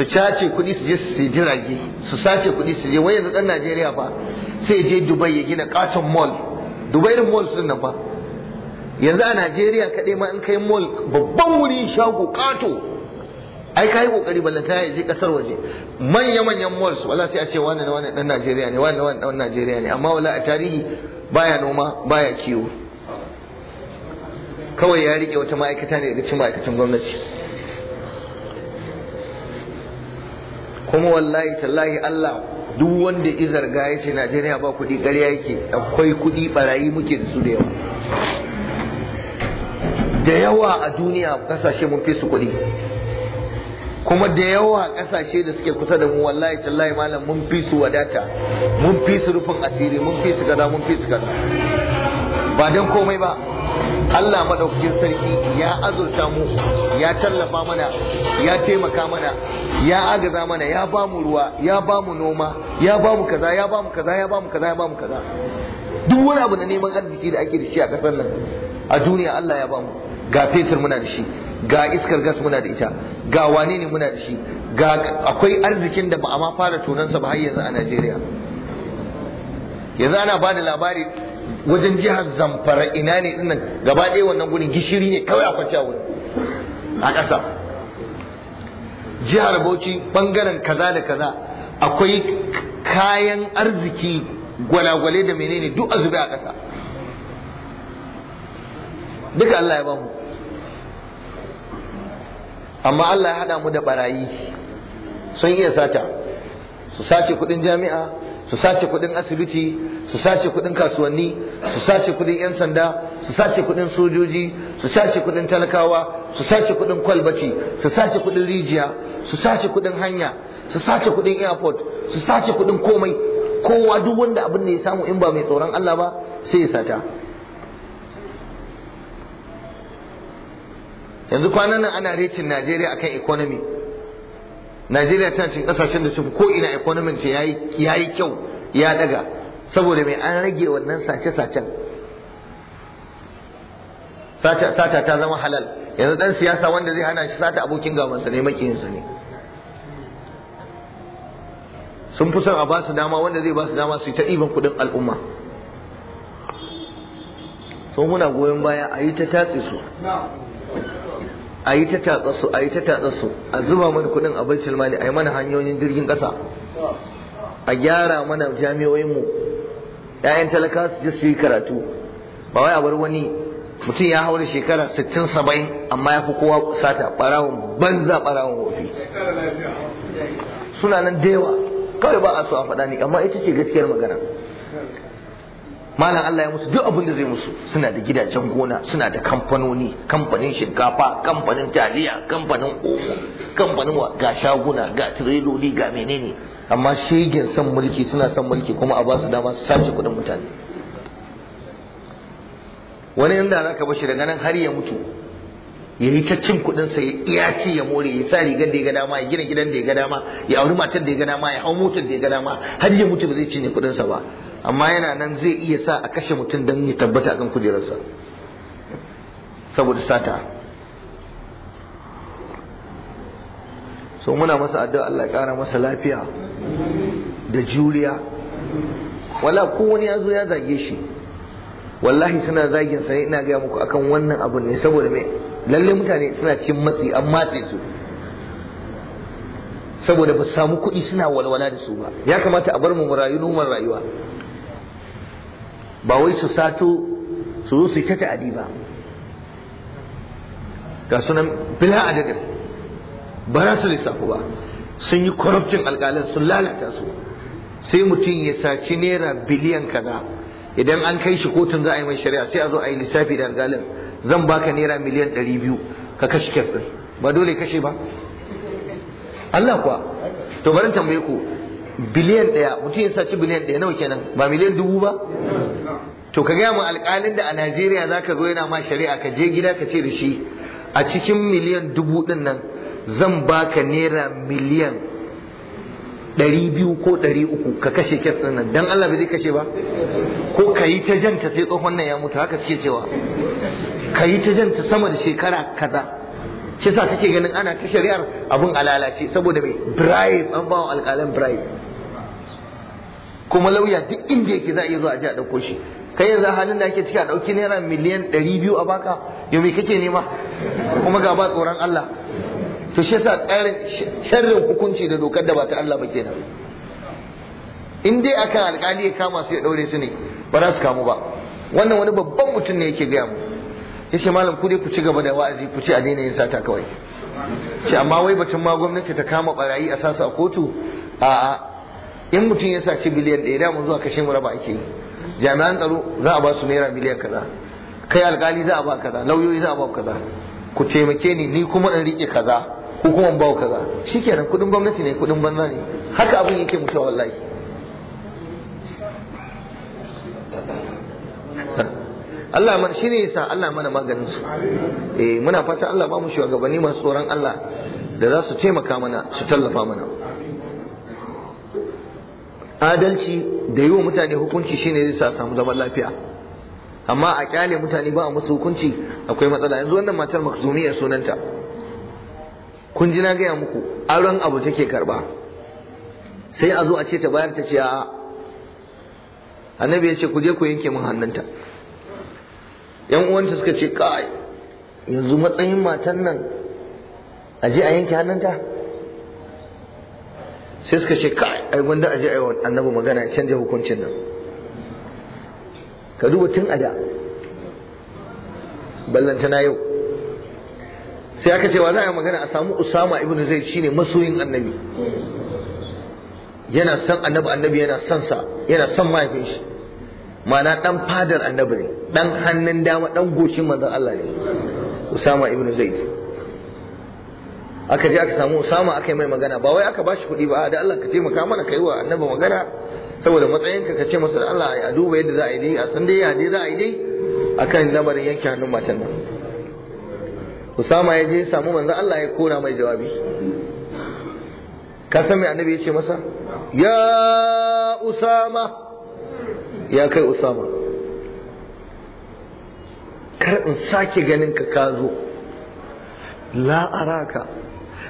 Speaker 1: su cace kuɗi su je su jirage su sace kuɗi su je wai yanzu ɗan Najeriya ba sai je Dubai ya gina katon mall Dubai irin mall sun nan ba yanzu a Najeriya kaɗai ma in kai mall babban wuri shago kato ai kai kokari ballanta ta je kasar waje manya manyan malls wala sai a ce wani na wani dan Najeriya ne wani na wani dan Najeriya ne amma wala a tarihi baya noma baya kiwo kawai ya rike wata ma'aikata ne da cikin ma'aikatan gwamnati kuma wallahi tallahi Allah duk wanda izarga ya ce Najeriya ba kuɗi ƙarya yake akwai kuɗi barayi muke da su da yawa da yawa a duniya kasashe mun fi su kuɗi kuma da yawa kasashe da suke kusa da mu wallahi tallahi malam mun fi su wadata mun fi su rufin asiri mun fi su gada mun fi su gada ba dan komai ba Allah madaukakin sarki ya azurta mu ya tallafa mana ya taimaka mana ya agaza mana ya ba mu ruwa ya ba mu noma ya ba mu kaza ya ba mu kaza ya ba mu kaza ya ba mu kaza duk wani abu na neman arziki da ake da shi a kasar nan a duniya Allah ya ba mu ga fetur muna da shi ga iskar gas muna da ita ga wane ne muna da shi ga akwai arzikin da ba a ma fara tunansa ba har yanzu a Najeriya yanzu ana ba da labari wajen jihar zamfara ina ne dinnan gaba ɗaya wannan gurin gishiri ne kawai a kwanciya wurin a ƙasa jihar bauchi ɓangaren kaza da kaza akwai kayan arziki gwalagwale da menene duk a zube a ƙasa duka Allah ya bamu amma Allah ya haɗa mu da barayi sun iya sata su sace kuɗin jami'a su sace kuɗin asibiti su sace kuɗin kasuwanni su sace kuɗin 'yan sanda su sace kuɗin sojoji su sace kuɗin talakawa su sace kuɗin kwalbati su sace kuɗin rijiya su sace kuɗin hanya su sace kuɗin airport su sace kuɗin komai kowa duk wanda abin ne ya samu in ba mai tsoron Allah ba sai ya sata yanzu kwanan nan ana rechin Najeriya akan economy Najeriya tana cin kasashen da suka ko ina economy ya yayi kyau ya daga saboda mai an rage wannan sace sacen sata ta zama halal yanzu dan siyasa wanda zai hana shi sata abokin sa ne sa ne sun fi son a ba su dama wanda zai ba su dama su yi ta ɗiban kuɗin al'umma sun muna goyon baya a yi ta tatse su a yi ta tatsa su a yi ta tatsa su a zuba mana kudin a baitul mali a yi mana hanyoyin jirgin kasa, a gyara mana mu ‘ya'yan talaka su je su yi karatu ba wai a bar wani mutum ya hau da shekara sittin saba'in amma ya fi kowa sata ɓarawon banza ɓarawon wofi suna nan da yawa kawai ba a so a faɗa ne amma ita ce gaskiyar magana malam Allah ya musu duk abin da zai musu suna da gidajen gona suna da kamfanoni kamfanin shinkafa kamfanin taliya kamfanin omo kamfanin wa ga shaguna ga tireloli ga menene amma shegen son mulki suna son mulki kuma a basu su dama su sace kuɗin mutane wani inda zaka bashi da nan har ya mutu ya yi ta cin kuɗin sa ya iya ci ya more ya sa rigar da ya ga dama ya gina gidan da ya ga dama ya auri matar da ya ga dama ya hau motar da ya ga dama har ya mutu ba zai cinye kuɗin sa ba amma yana nan zai iya sa a kashe mutum don ya tabbata akan kujerarsa saboda sata so muna masa addu'a Allah ya kara masa lafiya da juriya wala ko wani ya zo ya zage shi wallahi suna zagin sa ina ga muku akan wannan abu ne saboda me lalle mutane suna cin matsi an matse su saboda ba samu kuɗi suna walwala da su ba ya kamata a bar mu rayu noman rayuwa ba wai su sato su zo su yi tata adi ba ga sunan bila adadin ba za su lissafu ba sun yi corruption alƙalin sun lalata su sai mutum ya saci naira biliyan kaza idan an kai shi kotun za a yi mai shari'a sai a zo a yi lissafi da alƙalin zan baka naira miliyan 200 biyu ka kashe kes ɗin ba dole kashe ba Allah kuwa to bari tambaye ku biliyan ɗaya mutum ya saci biliyan ɗaya nawa kenan ba miliyan dubu ba to ka gaya mu alƙalin da a Najeriya za ka zo yana ma shari'a ka je gida ka ce da shi a cikin miliyan dubu ɗin nan zan baka naira miliyan ɗari biyu ko ɗari uku ka kashe kes ɗin nan dan Allah bai zai kashe ba ko ka yi ta janta sai tsohon nan ya mutu haka suke cewa ka yi ta janta sama da shekara kaza shi sa kake ganin ana ta shari'ar abin alalace saboda mai bribe an bawa alƙalan bribe kuma lauya duk inda yake za a yi zuwa a ji a ɗauko shi kai yanzu halin da ake ciki a ɗauki naira miliyan ɗari biyu a baka yau me kake nema kuma ga ba tsoron Allah to shi yasa tsarin sharrin hukunci da dokar da ba ta Allah ba kenan in dai akan alƙali ya kama su ya daure su ne ba za su kamu ba wannan wani babban mutum ne yake gaya mu yace malam ku dai ku ci gaba da wa'azi ku ce a daina yin sata kawai ce amma wai batun ma gwamnati ta kama barayi a sasu a kotu a'a in mutum ya saci biliyan ɗaya damu zuwa kashe mu raba ake yi jami'an tsaro za a ba su naira miliyan kaza kai alkali za a ba kaza lauyoyi za a ba kaza ku taimake ni ni kuma in rike kaza ko kuma in ba kaza shikenan kudin gwamnati ne kudin banza ne haka abin yake mutuwa wallahi
Speaker 2: Allah mana ne yasa
Speaker 1: Allah mana maganin su eh muna fata Allah ba mu gabani masu tsoron Allah da za su taimaka mana su tallafa mana adalci da yi wa mutane hukunci shine zai sa samu zaman lafiya amma a kyale mutane ba a musu hukunci akwai matsala yanzu wannan matar ya sunanta kun ji na gaya muku auren abu take karba sai a zo a ce ta bayar ta ce a annabi ya ce ku je ku yanke min hannunta yan uwanta suka ce kai yanzu matsayin matan nan a a yanke hannunta sai suka ce kai ai wanda a je a yawan annabi magana canja hukuncin nan ka duba tun a da na yau sai aka ce wa za a yi magana a samu usama ibnu shi shine masoyin annabi yana son annabi annabi yana son sa yana son mahaifin shi ma'ana dan fadar annabi ne dan hannun dama dan goshin manzon Allah ne Usama ibn Zaid aka je aka samu Usama aka yi mai magana ba wai aka bashi kuɗi ba da Allah ka taimaka mana kai wa annabi magana saboda matsayinka ka ce masa da Allah a duba yadda za a yi dai a san dai ya dai za a yi dai akan lamarin yanke hannun matan nan Usama ya je samu manzon Allah ya kora mai jawabi ka san me annabi ya ce masa ya Usama ya kai usama kar in sake ganin ka ka zo la'araka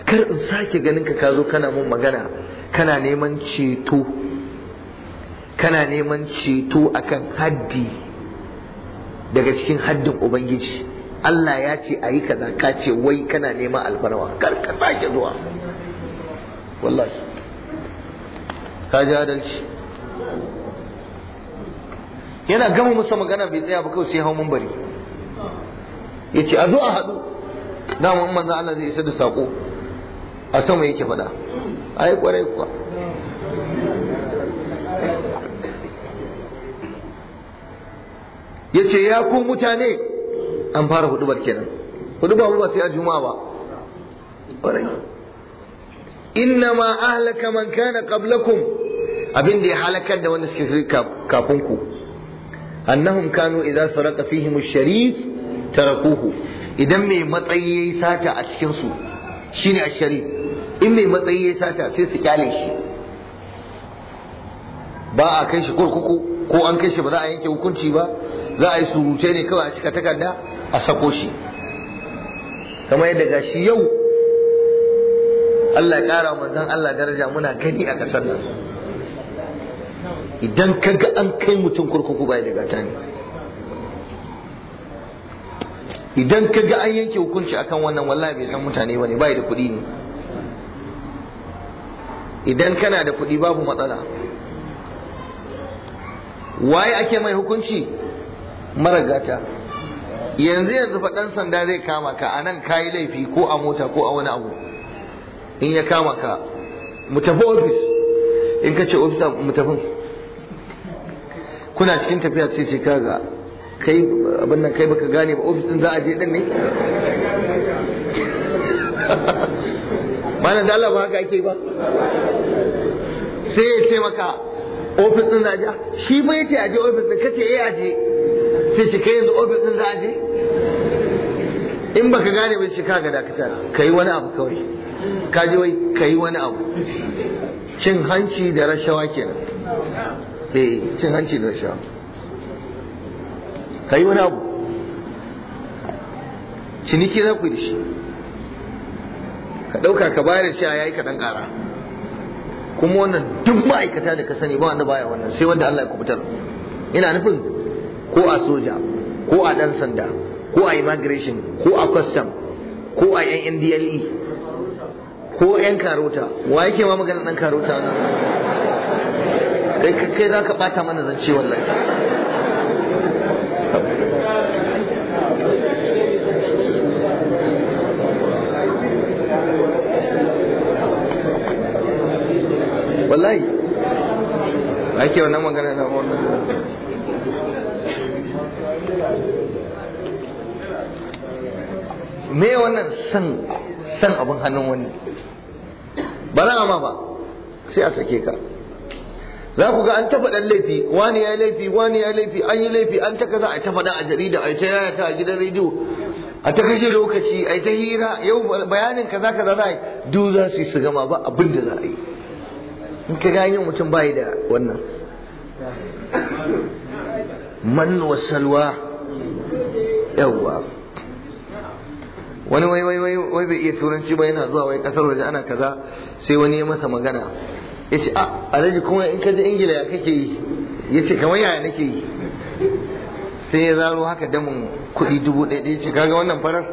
Speaker 1: kar in sake ganin ka ka zo kana mun magana kana neman ceto kana neman ceto akan haddi daga cikin haddin ubangiji Allah ya ce a yi kaza ka ce wai kana neman alfarawa, kar ka sake zuwa wallahi ka ji adalci yana gama musa magana bai tsaya ba kawai sai hau mambari ya ce a zo a haɗu dama in manzan Allah zai isa da saƙo a sama yake faɗa yi ƙwarai kuwa ya ce ya ku mutane an fara hudubar kenan hudubar ba sai a juma'a ba inna ma ahlaka man kana qablakum abin da ya halakar da wanda suke kafin ku annahum kanu idza saraqa fihim ash-sharif tarakuhu idan mai matsayi yayi sata a cikin su shine ash-sharif in mai matsayi yayi sata sai su kyale shi ba a kai shi kurkuku ko an kai shi ba za a yanke hukunci ba za a yi surute ne kawai a cika takarda a sako shi kamar yadda gashi yau Allah ya kara manzon Allah daraja muna gani a ƙasar nan idan kaga an kai mutum kurkuku bai da gata ne idan kaga an yanke hukunci akan wannan wallahi bai san mutane bane bai da kuɗi ne idan kana da kuɗi babu matsala waye ake mai hukunci mara gata yanzu yanzu faɗan sanda zai kama ka a nan yi laifi ko a mota ko a wani abu in ya kama ka mu tafi ofis in ka ce ofisa mu tafi. kuna cikin tafiya sai ce kaga kai abin nan kai baka gane ba ofis din za a je din ne malam da Allah ba haka ake ba sai ya ce maka ofis din za a je shi ba yace a je ofis din kace eh a je sai shi kai yanzu ofis din za a je in baka gane ba shi kaga dakatar kai wani abu kawai ka je wai kai wani abu cin hanci da rashawa
Speaker 2: kenan
Speaker 1: eh cin hanci da Ka yi wani abu ciniki za ku yi shi ka ɗauka ka bayar da shi a yayi kaɗan ƙara kuma wannan duk ma'aikata da ka sani ba wanda baya wannan sai wanda Allah ya kubutar ina nufin ko a soja ko a ɗan sanda ko a immigration ko a custom ko a yan ndle ko yan karota wa yake ma maganar ɗan karota kai kai za ka bata mana zance wallahi wallahi ake wannan magana na wannan me wannan san san abin hannun wani ba za a ma ba sai a sake ka za ku ga an ta faɗan laifi wani ya laifi wani ya laifi an yi laifi an ta kaza a ta faɗa a jarida a ta yaya ta a gidan rediyo a ta kashe lokaci a ta hira yau bayanin kaza kaza za a yi duk za su yi su gama ba abin da za a yi in ka gani mutum bayi da wannan man wasalwa yawwa wani wai wai wai bai iya turanci ba yana zuwa wai kasar waje ana kaza sai wani ya masa magana ya ce a ah, alhaji kuma in ka ji ingila ya kake yi ya ce kamar yaya nake yi sai ya zaro haka damin kuɗi dubu ɗaya ya ce kaga wannan farar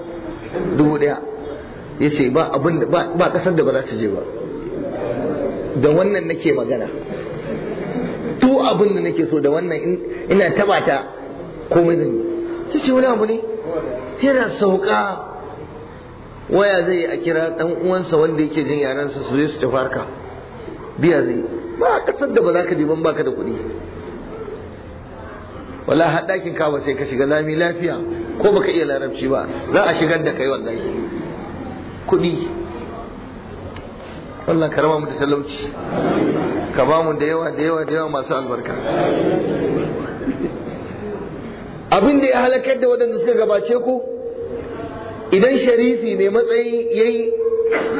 Speaker 1: dubu ɗaya ya ce ba abin ba ƙasar da ba za ta je ba da wannan nake magana To abin da nake so da wannan ina taba ta komai zan yi. ta ce wani abu ne yana sauka waya zai a kira ɗan uwansa wanda yake jin yaransa su je su tafarka biya zai ba a kasar da ba za ka je ban baka da kuɗi wala haɗakin kaba sai ka shiga lami lafiya ko baka iya larabci ba za a shigar da kai wallahi kuɗi wallan ka raba mu da talauci ka ba mu da yawa da yawa da yawa masu albarka abin da ya halakar da waɗanda suka gabace ku
Speaker 2: idan sharifi mai
Speaker 1: matsayi yayi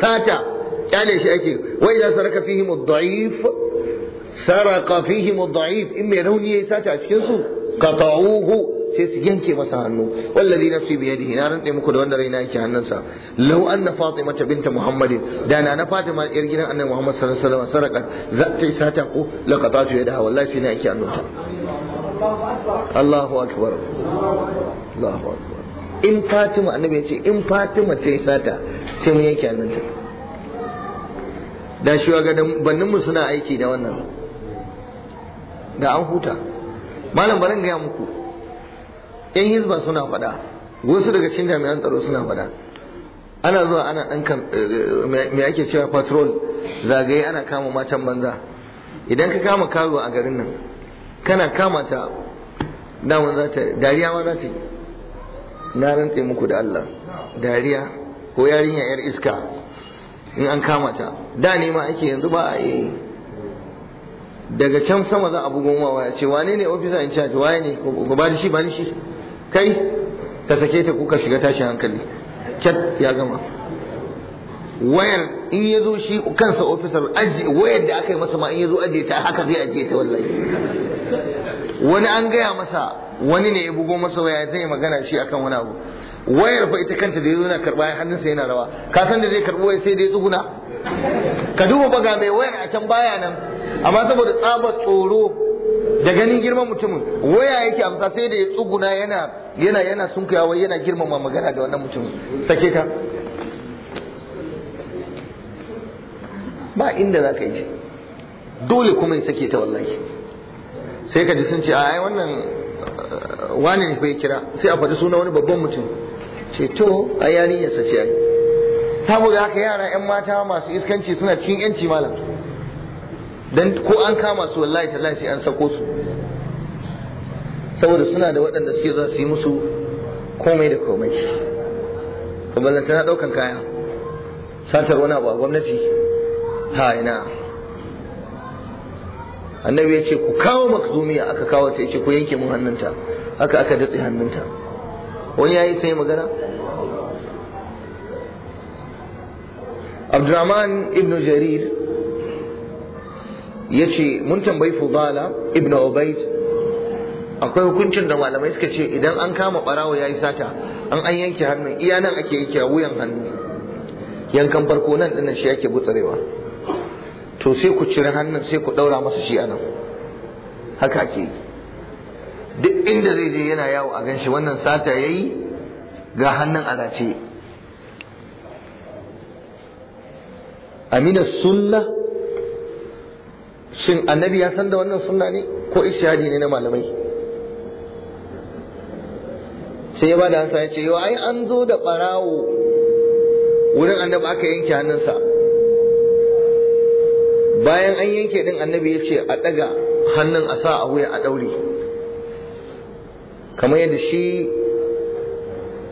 Speaker 1: sata kyale shi ake wai idza saraka fihim ad-da'if saraka fihim ad-da'if in mai rauni yayi sata a cikin su qata'uhu sai su yanke masa hannu wallazi nafsi bi yadihi na rantsa muku da wanda raina yake hannunsa law anna fatima binta muhammadin da na na fatima yar gidan annabi muhammad sallallahu alaihi wasallam sarakat za ta yi sata ko laqatatu yadaha wallahi sai na yake hannunta Allahu akbar Allahu akbar in fatima annabi ya ce in fatima ta yi sata sai mun yanke hannunta da shi mu suna aiki da wannan da an huta malam barin gaya muku yan hizba suna faɗa wasu daga cikin jami'an tsaro suna fada ana zuwa ana ɗan eh, me ake cewa patrol zagaye ana kama matan banza idan ka kama karuwa a garin nan kana kama ta daman za ta dariya ma za ta yi na rantse muku da Allah dariya ko yarinya yar iska in an kama ta da ne ma ake yanzu ba a yi daga can sama za a bugon wawa ya ce wane ne officer in charge waye ne ko ba shi ba shi kai ka sake ta kuka shiga tashin hankali cat ya gama wayar in ya zo shi kansa ofisar wayar da aka yi masa ma in ya zo ajiye ta haka zai ajiye ta wallahi wani an gaya masa wani ne ya bugo masa waya zai magana shi akan wani abu wayar fa ita kanta da yana karba hannunsa yana rawa ka san da zai karbo sai dai tsuguna ka duba ba ga mai wayar a can baya nan amma saboda tsabar tsoro da ganin girman mutumin waya yake amsa sai da ya tsuguna yana yana yana wai yana girmama magana da wannan mutumin sake ta
Speaker 2: ba inda za ka yi dole kuma ya sake ta wallahi
Speaker 1: sai ka ji sun ce a ai wannan uh, wani ne fa ya kira sai a faɗi suna wani babban mutum ce to a yarinyarsa ce ai saboda haka yara yan mata masu iskanci suna cikin yanci malam dan ko an kama su wallahi tallahi sai an sako su saboda suna da waɗanda suke za su yi musu komai da komai to ballanta na ɗaukan kaya satar wani abu a gwamnati ha ina annabi ya ce ku kawo makzumiya aka kawo ta ya ce ku yanke mun hannunta haka aka datse hannunta wani ya yi sai magana abdurrahman ibn jarir ya ce mun tambayi fubala ibn ubaid akwai hukuncin da malamai suka ce idan an kama ɓarawo ya yi sata an an yanke hannun iya nan ake yake wuyan hannu yankan farko nan dinnan shi yake butsarewa to sai ku cire hannun sai ku daura masa shi anan haka ake yi duk inda zai je yana yawo a ganshi wannan sata ya yi ga hannun alace amina sunna shin annabi ya san da wannan sunna ne ko ishadi ne na malamai sai ya ba da hansa ya ce ai an zo da barawo wurin annabi aka yanke hannunsa bayan an yanke din annabi ya ce a ɗaga hannun a sa a wuya a ɗaure kamar yadda shi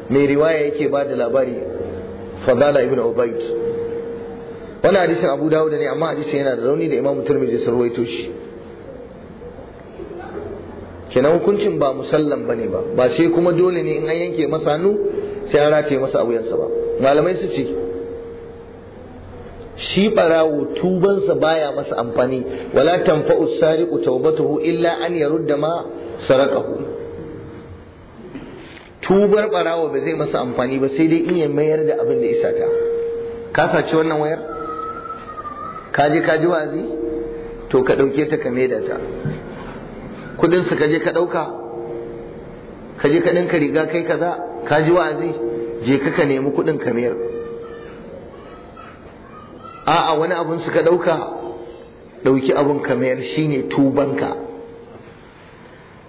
Speaker 1: mai riwaya yake ba da labari fadala ibn ubayd wannan hadisin abu dawud ne amma hadisin yana da rauni da imamu tirmidhi sun ruwaito shi kenan hukuncin ba musallam bane ba ba sai kuma dole ne in an yanke masa hannu sai an rataye masa a wuyansa ba malamai su ce shi barawo tubansa baya masa amfani wala tanfa'u sariqu tawbatuhu illa an yarudda ma sarakahu tubar barawa ba zai masa amfani ba sai dai in ya mayar da abin da isa ta ka saci wannan wayar ka je ka ji wazi to ka ɗauke ta ka maida ta kudin su ka je ka ɗauka ka je ka dinka riga kai kaza ka ji wazi je ka ka nemi kudin ka mayar a'a wani abun su ka ɗauka ɗauki abun ka mayar shine tubanka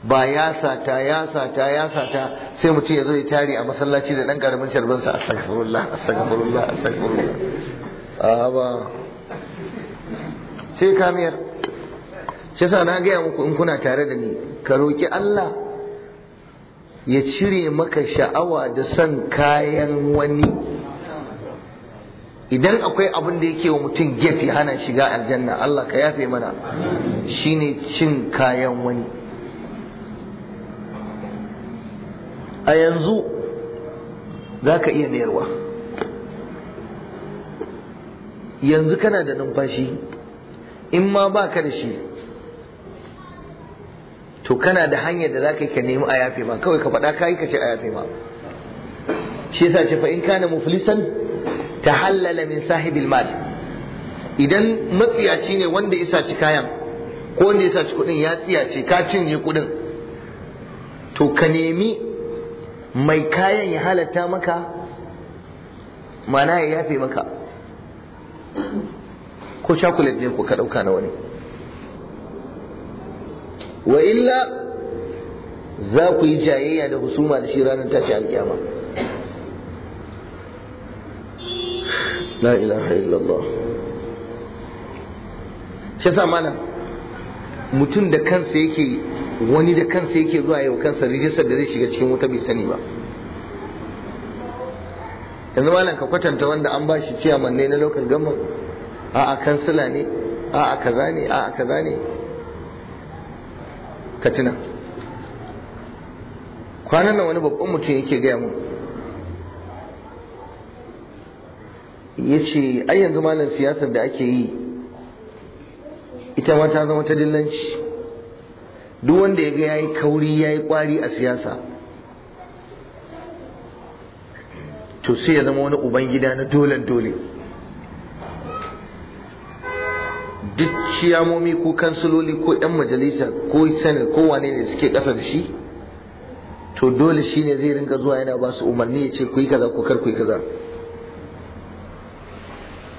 Speaker 1: ba ya sata ya sata ya sata sai mutum ya zo ya tari a masallaci da dan karamin sa astagfirullah astagfirullah astagfirullah a ba sai kamiyar shi sa na gaya muku in kuna tare da ni ka roki Allah ya cire maka sha'awa da son kayan wani idan akwai abin da yake wa mutum gefe hana shiga aljanna Allah ka yafe mana shine cin kayan wani a yanzu za ka iya mayarwa yanzu kana da numfashi in ma ba ka da shi to kana da hanyar da za ka yi ka nemi a yafe ma kawai ka faɗa ka yi ka ce a yafe ma shi yasa ce fa in kana muflisan ta hallala min sahibil mal idan matsiyaci ne wanda ya saci kayan ko wanda isa ci kuɗin ya tsiyace ka cinye kuɗin to ka nemi mai kayan ya halatta maka mana ya yafe maka ko chocolate ne ko ka dauka na wani wa illa za ku yi jayayya da husuma da shi ranar tashi alkiyama la ilaha illallah shi sa malam mutum da kansa yake wani da kansa yake zuwa yau kansa rijistar da zai shiga cikin wuta bai sani ba yanzu malam ka kwatanta wanda an bashi ciyaman ne na local a a'a kansila ne a'a kaza ne a'a kaza ne ka tuna kwanan nan wani babban mutum yake gaya mu ya ce ai yanzu malam siyasar da ake yi ita ma ta zama ta dillanci duk wanda ya ga ya yi kauri ya yi kwari a siyasa to sai ya zama wani ubangida na dolen dole duk ciyamomi ko kansiloli ko 'yan majalisa ko sanin ko wane ne suke ƙasa da shi to dole shi ne zai ringa zuwa yana ba su umarni ya ce ku yi kaza ko kar ku yi kaza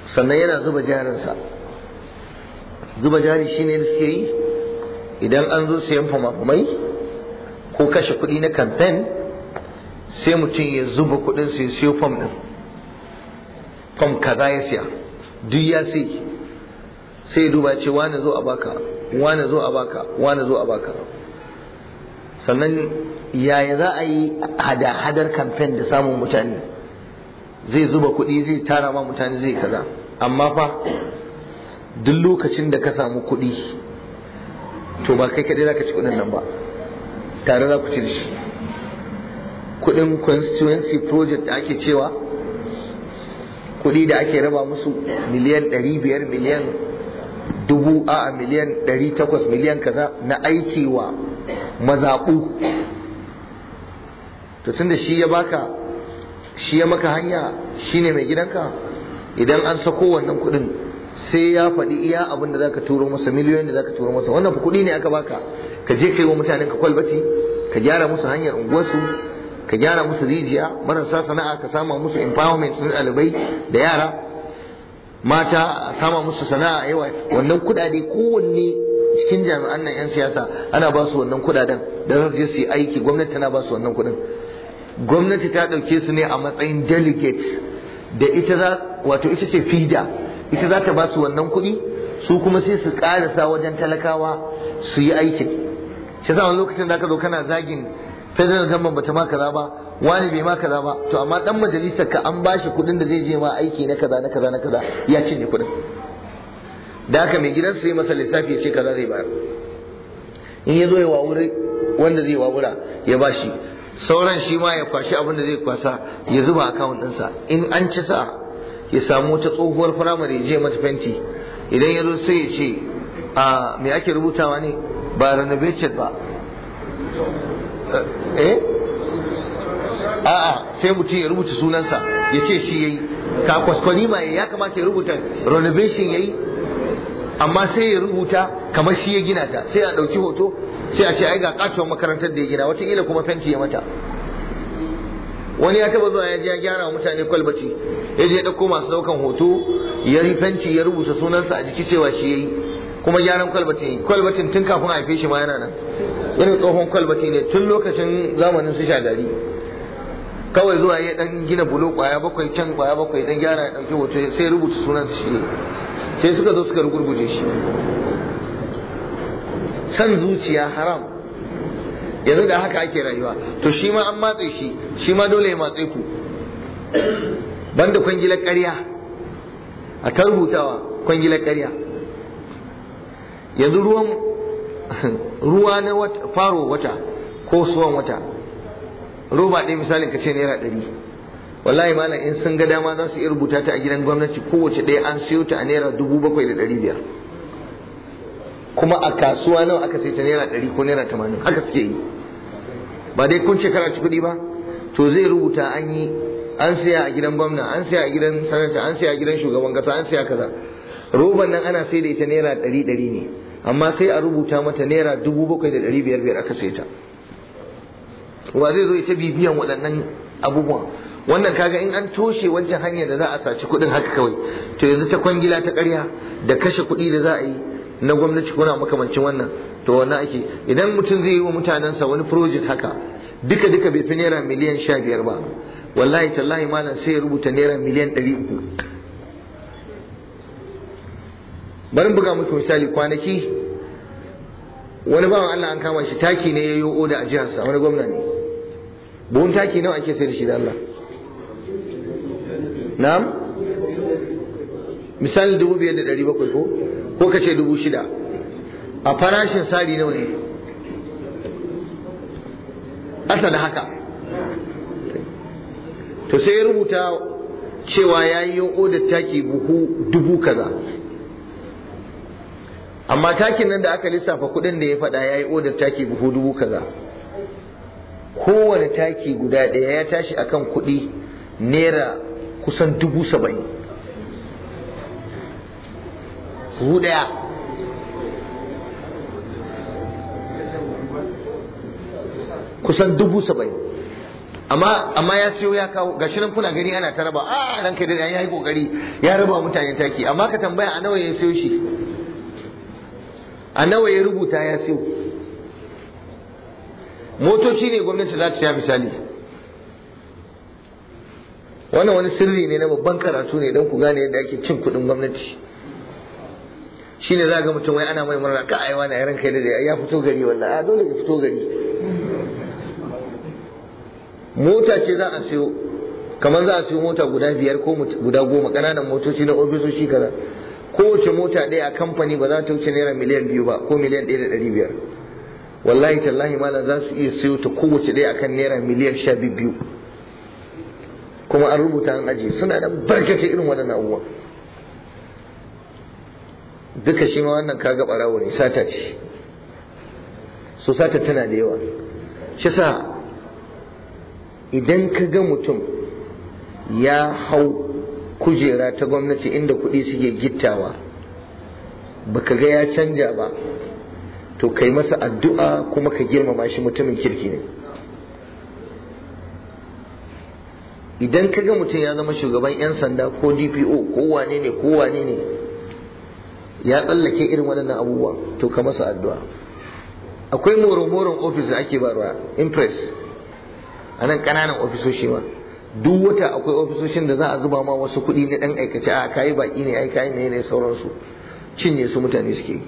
Speaker 1: sannan yana zuba jarinsa zuba jari shine da suke yi idan an zo sayan famai ko kashe kuɗi na kamfen sai mutum ya zuba kuɗin su siyo fam ɗin fam kaza ya siya duk ya sai sai ya duba ce wane zo a baka wane zo a baka wane zo a baka sannan yaya za a yi hada-hadar kamfen da samun mutane zai zuba kuɗi zai tara ma mutane zai kaza amma fa duk lokacin da ka samu kuɗi to ba kai kaɗai za ka ci kuɗin nan ba tare za ku ci da shi kuɗin constituency project da ake cewa kuɗi da ake raba musu miliyan ɗari biyar miliyan dubu a miliyan ɗari takwas miliyan kaza na aiki wa mazaɓu to tunda shi ya baka shi ya maka hanya shine mai gidanka idan an sako wannan kuɗin sai ya faɗi iya abin da zaka turo masa miliyoyin da zaka turo masa wannan kuɗi ne aka baka ka je kai wa mutanen ka kwalbati ka gyara musu hanyar unguwarsu ka gyara musu rijiya marasa sana'a ka sama musu empowerment na ɗalibai da yara mata a sama musu sana'a yawa wannan kuɗaɗe kowanne cikin jami'an na 'yan siyasa ana ba su wannan kuɗaɗen da za su je su yi aiki gwamnati tana ba su wannan kuɗin gwamnati ta ɗauke su ne a matsayin delegate da ita za wato ita ce fida ita za ta ba su wannan kuɗi su kuma sai su ƙarasa wajen talakawa su yi aikin shi sa wani lokacin da aka zo kana zagin federal government bata ma kaza ba wani bai ma kaza ba to amma dan majalisar ka an bashi kuɗin da zai je ma aiki na kaza na kaza na kaza ya cinye kuɗin da haka mai gidan su yi masa lissafi ya ce kaza zai bayar in ya zo ya wawuri wanda zai wawura ya bashi sauran shi ma ya kwashi abin da zai kwasa ya zuba akawun ɗinsa in an ci sa ya samu wata tsohuwar firamare je mata fenti idan ya sai ya ce a me ake rubutawa ne ba renovated ba eh? eh a'a sai mutum ya rubuta sunansa ya ce shi yayi ka kwaskwani ma ya kamata ya rubuta renovation yayi amma sai ya rubuta kamar shi ya gina ta sai a ɗauki hoto sai a ce ai ga katon makarantar da ya gina wataƙila kuma fenti ya mata wani ya taba zuwa ya je ya gyara wa mutane kwalbati ya je ya dauko masu daukan hoto ya yi fenti ya rubuta sunansa a jiki cewa shi yayi kuma gyaran kwalbati kwalbatin tun kafin haife shi ma yana nan irin tsohon kwalbati ne tun lokacin zamanin su shagari kawai zuwa ya dan gina bulo kwaya bakwai can kwaya bakwai dan gyara ya dauki hoto sai rubuta sunansa shi ne sai suka zo suka rugurguje shi san zuciya haram yanzu da haka ake rayuwa to shi ma an matse shi shi ma dole ya matse ku banda kwangilar ƙarya a tarhutawa kwangilar ƙarya yanzu ruwan [laughs] ruwa na faro wata ko suwan wata roba ɗaya misalin ka ce naira ɗari wallahi malam in sun ga dama za su iya rubuta ta a gidan gwamnati kowace ɗaya an siyo ta a naira dubu bakwai da ɗari biyar kuma a kasuwa nawa aka sai ta naira ɗari ko naira tamanin haka suke yi ba dai kun ce kana ci kuɗi ba to zai rubuta an yi an saya a gidan gwamna an saya a gidan sanata an saya a gidan shugaban kasa an saya kaza roban nan ana sai da ita naira ɗari ɗari ne amma sai a rubuta mata naira dubu bakwai da ɗari biyar biyar aka sai ta wa zai zo ita bibiyan waɗannan abubuwan wannan kaga in an toshe wancan hanyar da za a saci kuɗin haka kawai to yanzu ta kwangila ta ƙarya da kashe kuɗi da za a yi na gwamnati ko na makamancin wannan to wani ake idan mutum zai yi wa mutanensa wani project haka duka duka bai fi naira miliyan sha biyar ba wallahi tallahi malam sai ya rubuta naira miliyan ɗari uku bari buga muku misali kwanaki wani bawan Allah an kama shi taki ne ya yi oda a jiharsa wani gwamna ne buhun taki nawa ake sayar da shi da Allah na'am misali dubu biyar da ɗari bakwai ko ko ka ce dubu shida a farashin sari nawa ne asa da haka to sai ya rubuta cewa ya yi odar taki buhu dubu kaza amma takin nan da aka lissafa kudin da ya faɗa ya yi odar taki buhu dubu kaza kowane taki guda ɗaya ya tashi akan kuɗi naira kusan dubu saba'in buhu ɗaya kusan dubu saba'in amma amma ya siyo ya kawo gashi nan kuna gani ana ta raba a kai da ya yi kokari ya raba mutane taki amma ka tambaya a nawa ya siyo shi a nawa ya rubuta ya siyo motoci ne gwamnati za ta ya misali wannan wani sirri ne na babban karatu ne don ku gane yadda ake cin kuɗin gwamnati shine za ga mutum wai ana mai murna ka ai wani yaran kai da ya fito gari wallahi a ah, dole ya fito gari mota ce za a siyo kamar za a siyo mota guda biyar ko guda goma ƙananan motoci na ofisoshi kaza kowace mota ɗaya a kamfani ba za ta wuce naira miliyan biyu ba ko miliyan ɗaya da ɗari biyar wallahi tallahi malam za su iya siyo ta kowace ɗaya akan naira miliyan sha biyu kuma an rubuta an aji suna da barkace irin waɗannan abubuwa duka shi ma wannan kaga barawo ne sata ce so sata tana da yawa shi sa idan ka ga mutum ya hau kujera ta gwamnati inda kuɗi suke gittawa baka ga ya canja ba to kai masa addu'a kuma ka girmama shi mutumin kirki ne idan ka ga mutum ya zama shugaban 'yan sanda ko dpo ko wane ne ko wane ne ya tsallake irin waɗannan abubuwa to ka masa addu'a akwai moron ofis da ake barwa impress a nan ƙananan ofisoshi ma duk wata akwai ofisoshin da za a zuba ma wasu kuɗi na ɗan aikace a kayi baƙi ne ai kayi ne ne sauransu cinye su mutane suke yi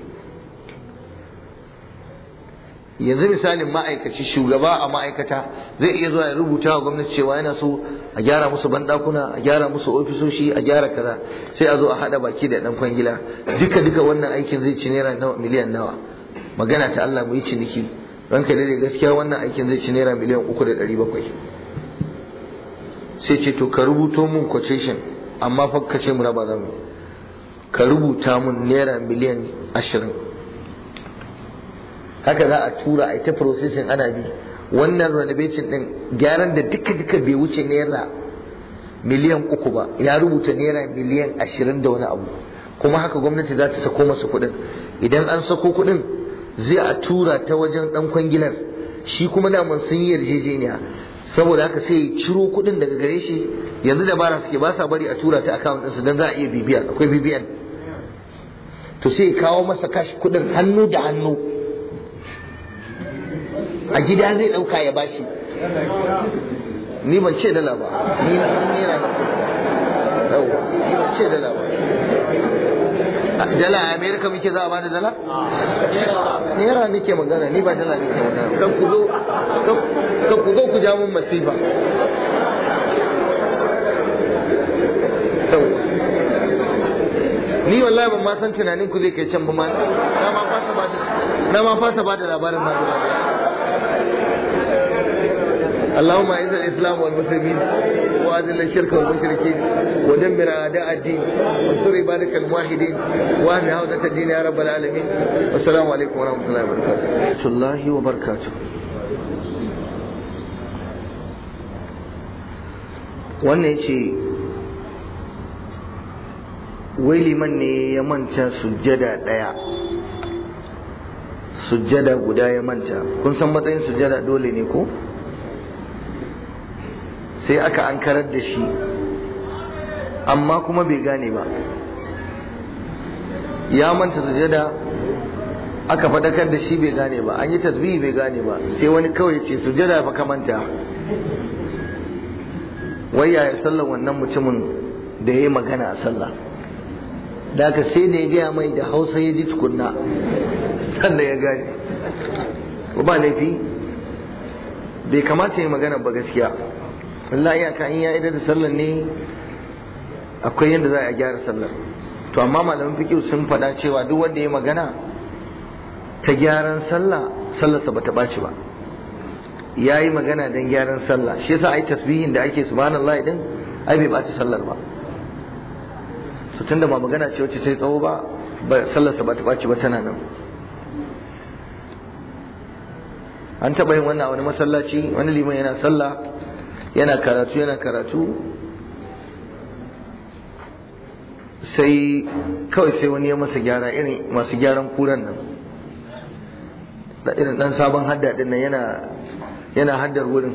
Speaker 1: yanzu misalin ma'aikaci shugaba a ma'aikata zai iya zuwa ya rubuta wa gwamnati cewa yana so a gyara musu bandakuna a gyara musu ofisoshi a gyara kaza sai a zo a hada baki da dan kwangila duka duka wannan aikin zai ci naira nawa miliyan nawa magana ta Allah mu yi ciniki ranka dai gaskiya wannan aikin zai ci naira miliyan uku da ɗari bakwai sai ce to ka rubuto mun quotation amma fa ka ce mu raba zamu ka rubuta mun naira miliyan ashirin haka za a tura a ta processing ana bi wannan renovation din gyaran da duka duka bai wuce naira miliyan uku ba ya rubuta naira miliyan ashirin da wani abu kuma haka gwamnati za ta sako masa kuɗin idan an sako kuɗin zai a tura ta wajen ɗan kwangilar shi kuma mun sun yi yarjejeniya saboda haka sai ciro kuɗin daga gare shi yanzu dabara suke ba sa bari a tura ta din su don za a iya bibiya akwai bibiyan to sai kawo masa kashi kuɗin hannu da hannu a gida zai ɗauka ya bashi ni ban ce dala ba
Speaker 2: ni naira na ce ni ban ce dala
Speaker 1: ba dala a amerika muke za a bada dala nera nake magana ni ba dala nake magana kan ku kan ku zo ku ja mun masifa ni wallahi ban ma san tunanin ku zai kai can ba ma na ma fasa ba da labarin ma
Speaker 2: zuwa
Speaker 1: اللهم اعز الاسلام والمسلمين واذل الشرك والمشركين ودمر اعداء الدين وانصر عبادك الموحدين واهل هوزة الدين يا رب العالمين والسلام عليكم ورحمه الله وبركاته. ورحمه الله وبركاته. wannan ce wai liman ne ya manta sujjada ɗaya sujjada guda ya manta kun san matsayin sujjada dole ne ko? sai aka ankarar da shi amma kuma bai gane ba ya manta sujada aka fadakar da shi bai gane ba an yi tasbihi bai gane ba sai wani kawai ce sujada fa ka manta wai yaya sallar wannan mutumin da ya yi magana a sallah da aka sai da ya gaya mai da hausa ya ji tukunna sannan ya gane ba laifi bai kamata ya yi magana ba gaskiya Allah ka in ya idar da sallar ne akwai yadda za a gyara sallar to amma malamin fiqh sun faɗa cewa duk wanda ya magana ta gyaran sallah sallarsa bata ɓaci ba ya yi magana don gyaran sallah shi yasa ai tasbihin da ake subhanallahi din ai bai ɓaci sallar ba to tunda ba magana ce wacce ta yi tsawo ba sallarsa sa bata ɓaci ba tana nan an taɓa yin wannan a wani masallaci wani liman yana sallah yana karatu yana karatu sai kawai sai wani ya masa gyara irin masu gyaran kuran nan da irin dan sabon hadda din nan yana yana haddar wurin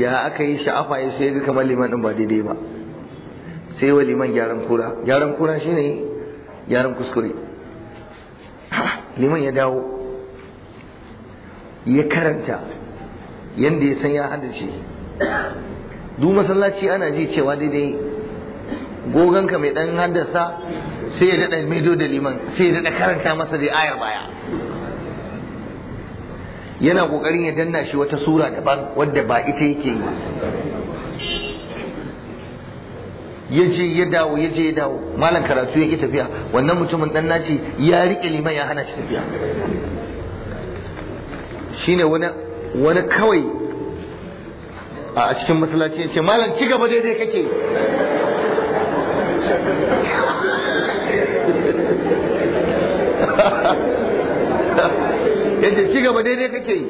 Speaker 1: ya aka yi sha'afa ya sai ga kamar liman din ba daidai ba sai wa liman gyaran kura gyaran kura shine gyaran kuskure [clears throat] liman ya dawo ya karanta yanda ya san ya haddace duk masallaci ana ji cewa daidai goganka mai dan haddasa sai ya daɗa mai da liman sai ya dada karanta masa da ayar baya yana ƙoƙarin ya danna shi wata sura daban wadda ba ita yake yi ya je ya dawo ya je ya dawo malam karatu ya ki tafiya wannan mutumin dan naci ya riƙe liman ya hana shi tafiya shine wani wani kawai a cikin masallaci ya ce malam ci gaba daidai kake yadda ci gaba daidai kake yi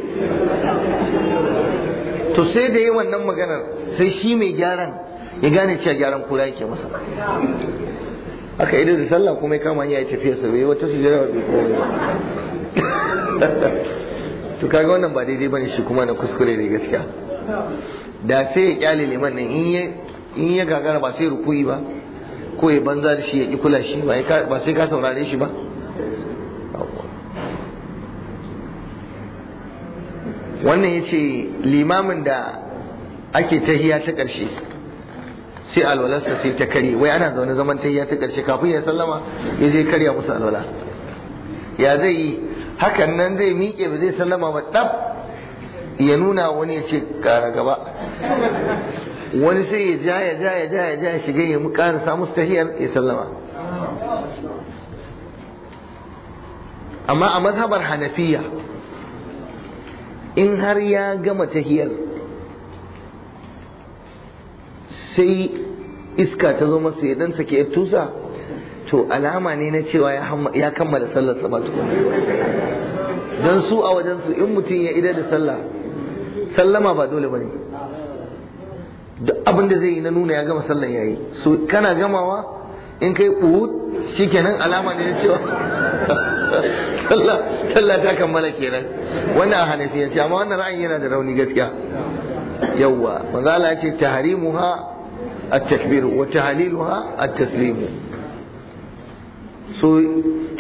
Speaker 1: to sai da yi wannan maganar sai shi mai gyaran ya gane cewa gyaran kura yake masa aka yi da sallah kuma ya kama ya yi tafiya sa bai wata sujjada ba bai kowa. to kaga wannan ba daidai bane shi kuma na kuskure ne gaskiya da sai ya kyale liman nan in ya gagara ba sai rukuyi ba ko ya banza da shi ya ki kula shi ba sai ka saurare shi ba wannan ya ce limamin da ake tahiya ta ƙarshe sai alwalarsa sai ta kare wai ana zaune zaman tahiya ta karshe kafin ya sallama ya je karya musu alwala ya zai yi hakan nan zai miƙe ba zai sallama ba ɗab ya nuna wani ya ce kara gaba wani sai ya ja ya ja ya ja ya ja ya shiga ya ƙara samu tahiyar ya sallama amma a mazhabar hanafiya in har ya gama tahiyar sai iska ta zo masa ya dan sake ya tusa to alama ne na cewa ya kammala sallar sabatu don su a wajensu in mutum ya idar da sallah sallama ba dole bane duk abin da zai yi na nuna ya gama sallan yayi so kana gamawa in kai buhut shikenan alama ne na cewa [laughs] sallah ta kammala kenan wannan a hanafiyance amma wannan ra'ayi yana da rauni gaskiya yawwa manzo Allah ya ce tahrimuha at-takbir wa tahliluha at-taslim so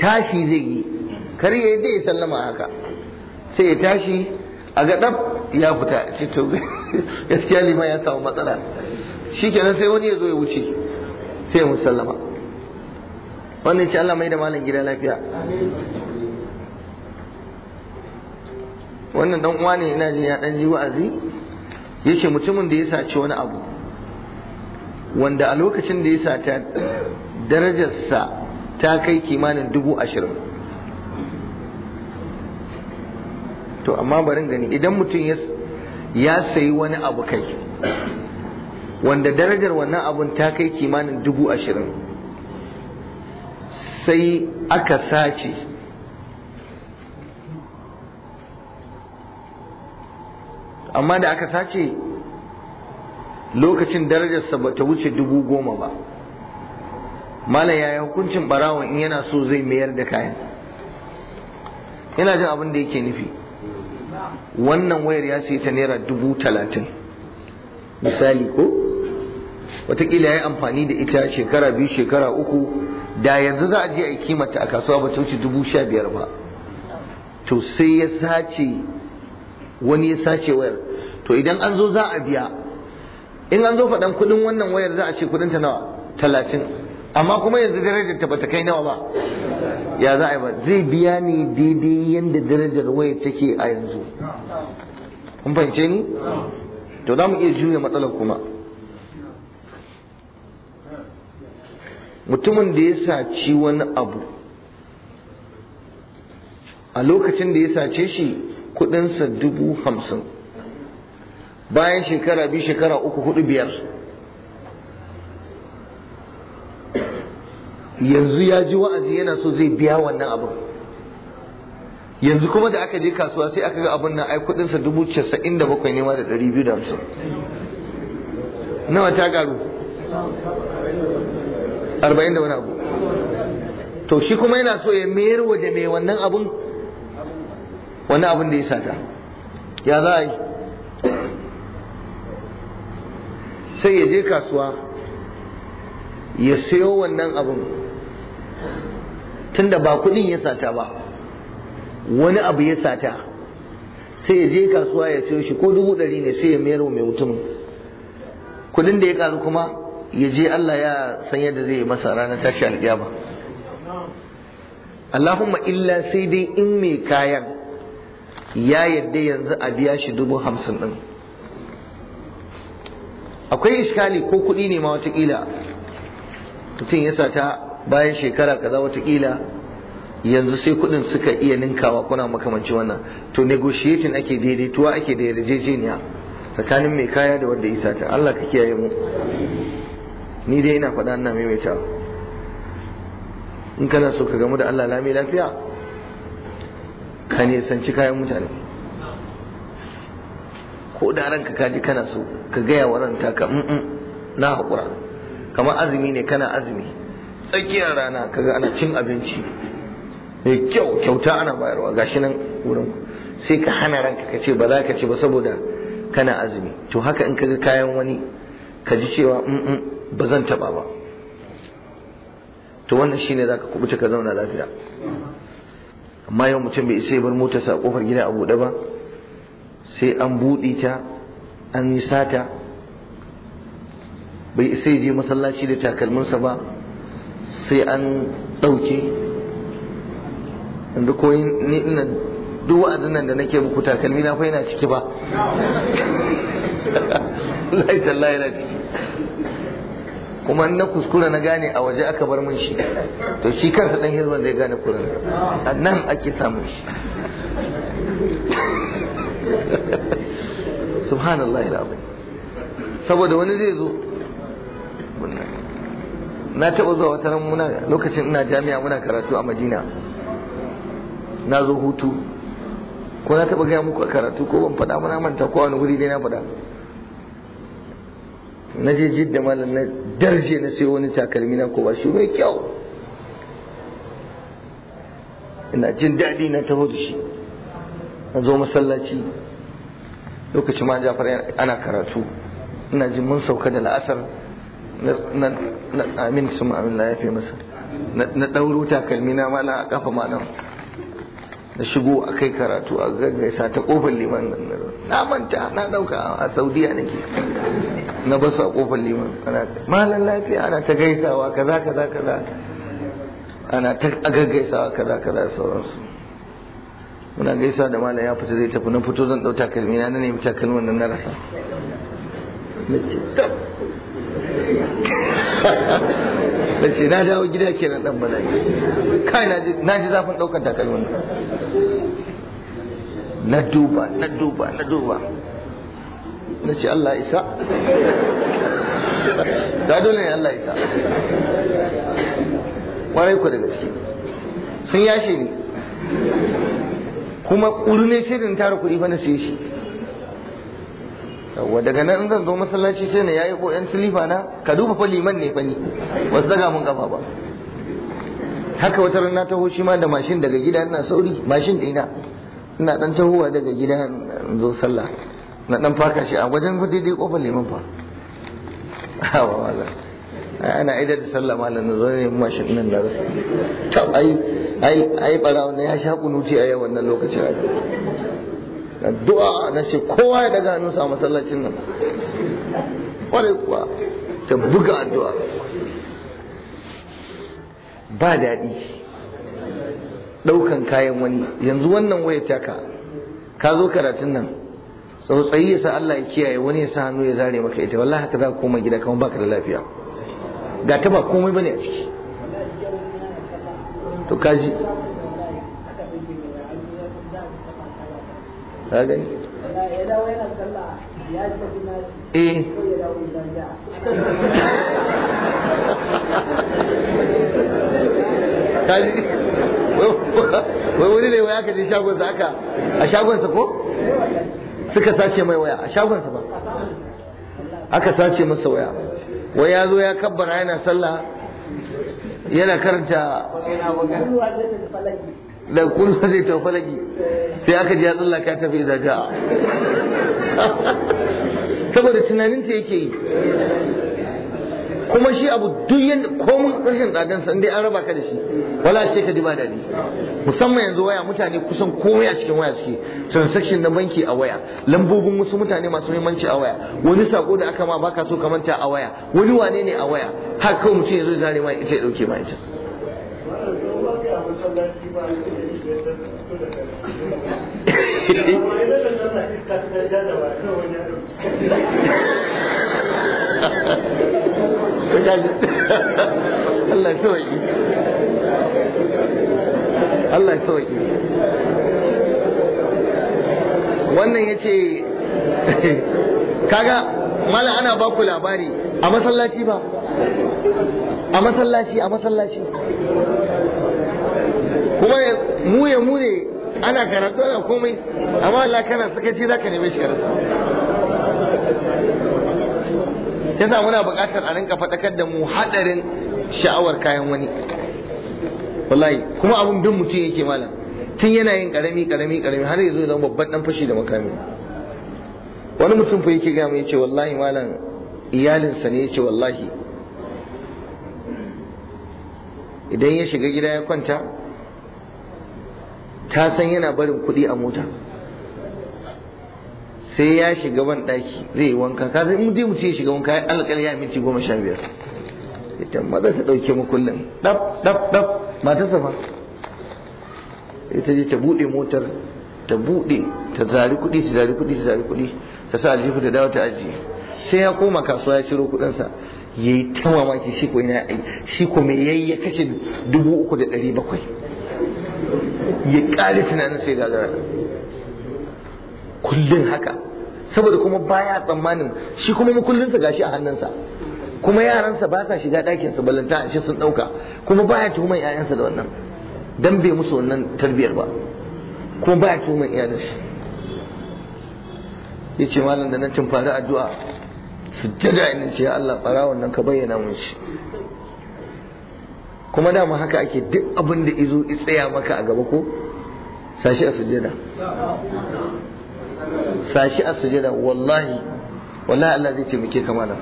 Speaker 1: tashi zai yi kar ya sallama haka sai ya tashi a ga dab ya fita cito gaskiya liman ya samu matsala nan sai wani ya zo ya wuce
Speaker 2: sai ya musallama
Speaker 1: wannan ce Allah mai da malam gida lafiya wannan dan uwa ne yana jin ya dan ji wa'azi yace mutumin da ya saci wani abu wanda a lokacin da ya sata darajarsa ta kai kimanin dubu ashirin to amma barin gani idan mutum ya sayi wani abu kai wanda darajar wannan abun ta kai kimanin dubu ashirin sai aka sace amma da aka sace lokacin darajarsa ba ta wuce dubu goma ba malam yaya hukuncin barawon in yana so zai mayar da kayan yana jin abin da yake nufi wannan wayar ya sayi ta naira dubu talatin misali ko watakila ya yi amfani da ita shekara biyu shekara uku da yanzu za a je a yi kimata a kasuwa ba ta wuce dubu sha biyar ba to sai ya sace wani ya sace wayar to idan an zo za a biya in an zo faɗan kuɗin wannan wayar za a ce kuɗin ta nawa talatin amma kuma yanzu darajar ta bata kai nawa ba ya za a yi ba zai biya ni daidai yadda darajar waya take a yanzu kun fahimce ni to za mu iya juya matsalar kuma mutumin da ya saci wani abu a lokacin da ya sace shi kudinsa dubu hamsin bayan shekara biyu shekara uku hudu biyar yanzu ya ji wa'azi yana so zai biya wannan abin yanzu kuma da aka je kasuwa sai aka ga abin nan ai kudinsa dubu casa'in da bakwai nema da ɗari biyu da hamsin nawa ta karu arba'in da wani abu to shi kuma yana so ya mayar wa da mai wannan abin Wani abin da ya sata ya za a yi sai ya je kasuwa ya sayo wannan abin tunda ba kudin ya sata ba wani abu ya sata sai ya je kasuwa ya sayo shi ko dubu ɗari ne sai ya mayar wa mai mutum kudin da ya karu kuma ya je Allah ya san yadda zai yi masa ranar tashi alƙiyama Allahumma illa sai dai in mai kayan ya yadda yanzu a biya shi dubu hamsin ɗin akwai iskali ko kuɗi ne ma watakila mutum ya sata bayan shekara kaza watakila yanzu sai kudin suka iya ninkawa kuna makamanci wannan to negotiating ake daidaituwa ake da yarjejeniya tsakanin mai kaya da wanda isa ta Allah ka kiyaye mu ni dai ina faɗa ina maimaita in kana so ka gamu da Allah lami lafiya ka sanci kayan mutane ko da ranka ji kana so ka gaya wa ranta ka na haƙura kamar azumi ne kana azumi tsakiyar rana kaga ana cin abinci mai kyau kyauta ana bayarwa gashi nan wurin sai ka hana ranka ka ce ba za ka ce ba saboda kana azumi to haka in kaga kayan wani ka ji cewa mm, mm, ba zan taba ba to wannan shine zaka kubuta ka zauna lafiya amma yau mutum bai isa bar motarsa a kofar gida a buɗe ba sai an buɗe ta an yi sata bai isa je masallaci da takalminsa ba sai an ɗauke yanzu ko ni ina duk wa'azin nan da nake muku takalmi na fa yana ciki ba lai tallahi yana ciki kuma na kuskura na gane a waje aka bar mun shi to shi kansa dan hizban zai gane kurin a nan ake samun shi subhanallah saboda wani zai zo na taɓa zuwa wata ran muna lokacin ina jami'a muna karatu a madina na zo hutu ko na taɓa gaya muku a karatu ko ban faɗa muna manta ko wani wuri dai na faɗa na je jidda malam na darje na sai wani takalmi na ko ba shi mai kyau ina jin daɗi na taho da shi na zo masallaci lokacin ma jafar ana karatu ina jin mun sauka da la'asar na amin su amin la fi masa na ɗauro takalmi na mana a kafa malam na shigo a kai karatu a gaggaisa ta kofar liman na manta na ɗauka a saudiya nake na basu a kofar liman malam lafiya ana ta gaisawa kaza kaza kaza ana ta gaggaisawa kaza kaza sauransu muna gaisa da malam ya fita zai tafi na fito zan ɗau takalmi na na nemi takalmin nan na rasa da ce na dawo gida kenan dan bala'i kai na ji zafin daukar takalmin nan na duba na duba na duba na ce Allah isa ta dole ne Allah isa kwarai ku da gaske sun yashe ne. kuma ƙuri ne sai da tara kuɗi fa na siye shi daga nan zan zo masallaci sai na yayi ko yan silifa na ka duba fa liman ne fa ni wasu daga mun kafa ba haka wata rana taho shi ma da mashin daga gida ina sauri mashin ɗina ina dan tahowa daga gida in zo sallah na dan faka shi a wajen fa daidai kofar liman fa hawa wala ana aidar da sallah malam na zo ne mashin nan da rasu ai ai ai barawa ne ya sha kunuti a yau wannan lokacin addu'a na ce kowa ya daga hannunsa a masallacin nan ya kuwa ta buga addu'a ba daɗi ɗaukan kayan wani yanzu wannan waya taka ka zo karatun nan tsautsayi ya sa Allah ya kiyaye wani ya sa hannu ya zare maka ita wallahi haka za ka koma gida kamar baka da lafiya
Speaker 2: ga ta ba komai bane a ciki to kaji ka gani eh [laughs]
Speaker 1: kaji wai wani ne waya ka je shagonsa aka a shagonsa ko suka sace mai waya a shagonsa ba
Speaker 2: aka sace masa waya
Speaker 1: wai ya zo ya kabbara yana sallah
Speaker 2: yana karanta
Speaker 1: da kuma [laughs] zai taufalaki sai aka ji tafi tsallaka ta da zaja saboda tunanin ta yake yi kuma shi abu duk yadda komun rashin tsadan san dai an raba ka da shi wala ce ka ji ba daɗi musamman yanzu waya mutane kusan komai a cikin waya suke transaction na banki a waya lambobin wasu mutane masu muhimmanci a waya wani sako da aka ma baka so ka manta a waya wani wane ne a waya har kawai mutum ya zo zare ma ita ya dauke ma ita Allah ya sauki Allah wannan ya ce kaga mala ana ba ku labari a masallaci ba a masallaci a masallaci kuma mu ya mu ne ana karatu ana komai amma Allah kana sakaci zaka neme shi karatu yasa muna buƙatar a rinka faɗakar da mu haɗarin sha'awar kayan wani wallahi kuma abun bin mutum yake malam tun yana yin karami karami karami har yanzu zama babban dan fashi da makami wani mutum fa yake gama yace wallahi malam iyalinsa ne yace wallahi idan ya shiga gida ya kwanta ta san yana barin kuɗi a mota sai ya shiga ban ɗaki zai yi wanka ka san mutum mutum ya shiga wanka ya alƙal ya minti goma sha biyar ita maza ta ɗauke mu kullum ɗaf ɗaf ɗaf mata sama ita je ta buɗe motar ta buɗe ta zari kuɗi ta zari kuɗi ta zari kuɗi ta sa aljihu ta dawo ta ajiye sai ya koma kasuwa ya ciro kuɗinsa ya yi ta mamaki shi ko ina shi ko me yayi ya kashe dubu uku da ɗari bakwai ya ƙare tunanin sai gagara kullum haka saboda kuma baya tsammanin shi kuma mukullinsa gashi a hannunsa kuma yaransa ba sa shiga ɗakinsa balanta a ce sun ɗauka kuma baya tuhumar 'ya'yansa da wannan dan bai musu wannan tarbiyar ba kuma baya tuhumar iyalinsa ya ce mallan da nan tun fara addu'a su jaga ina ce Allah fara wannan ka bayyana mun shi kuma dama haka ake duk abin da izo tsaya maka a gaba ko sashi a sujada sashi a sujada wallahi wallahi Allah zai ce muke kama nan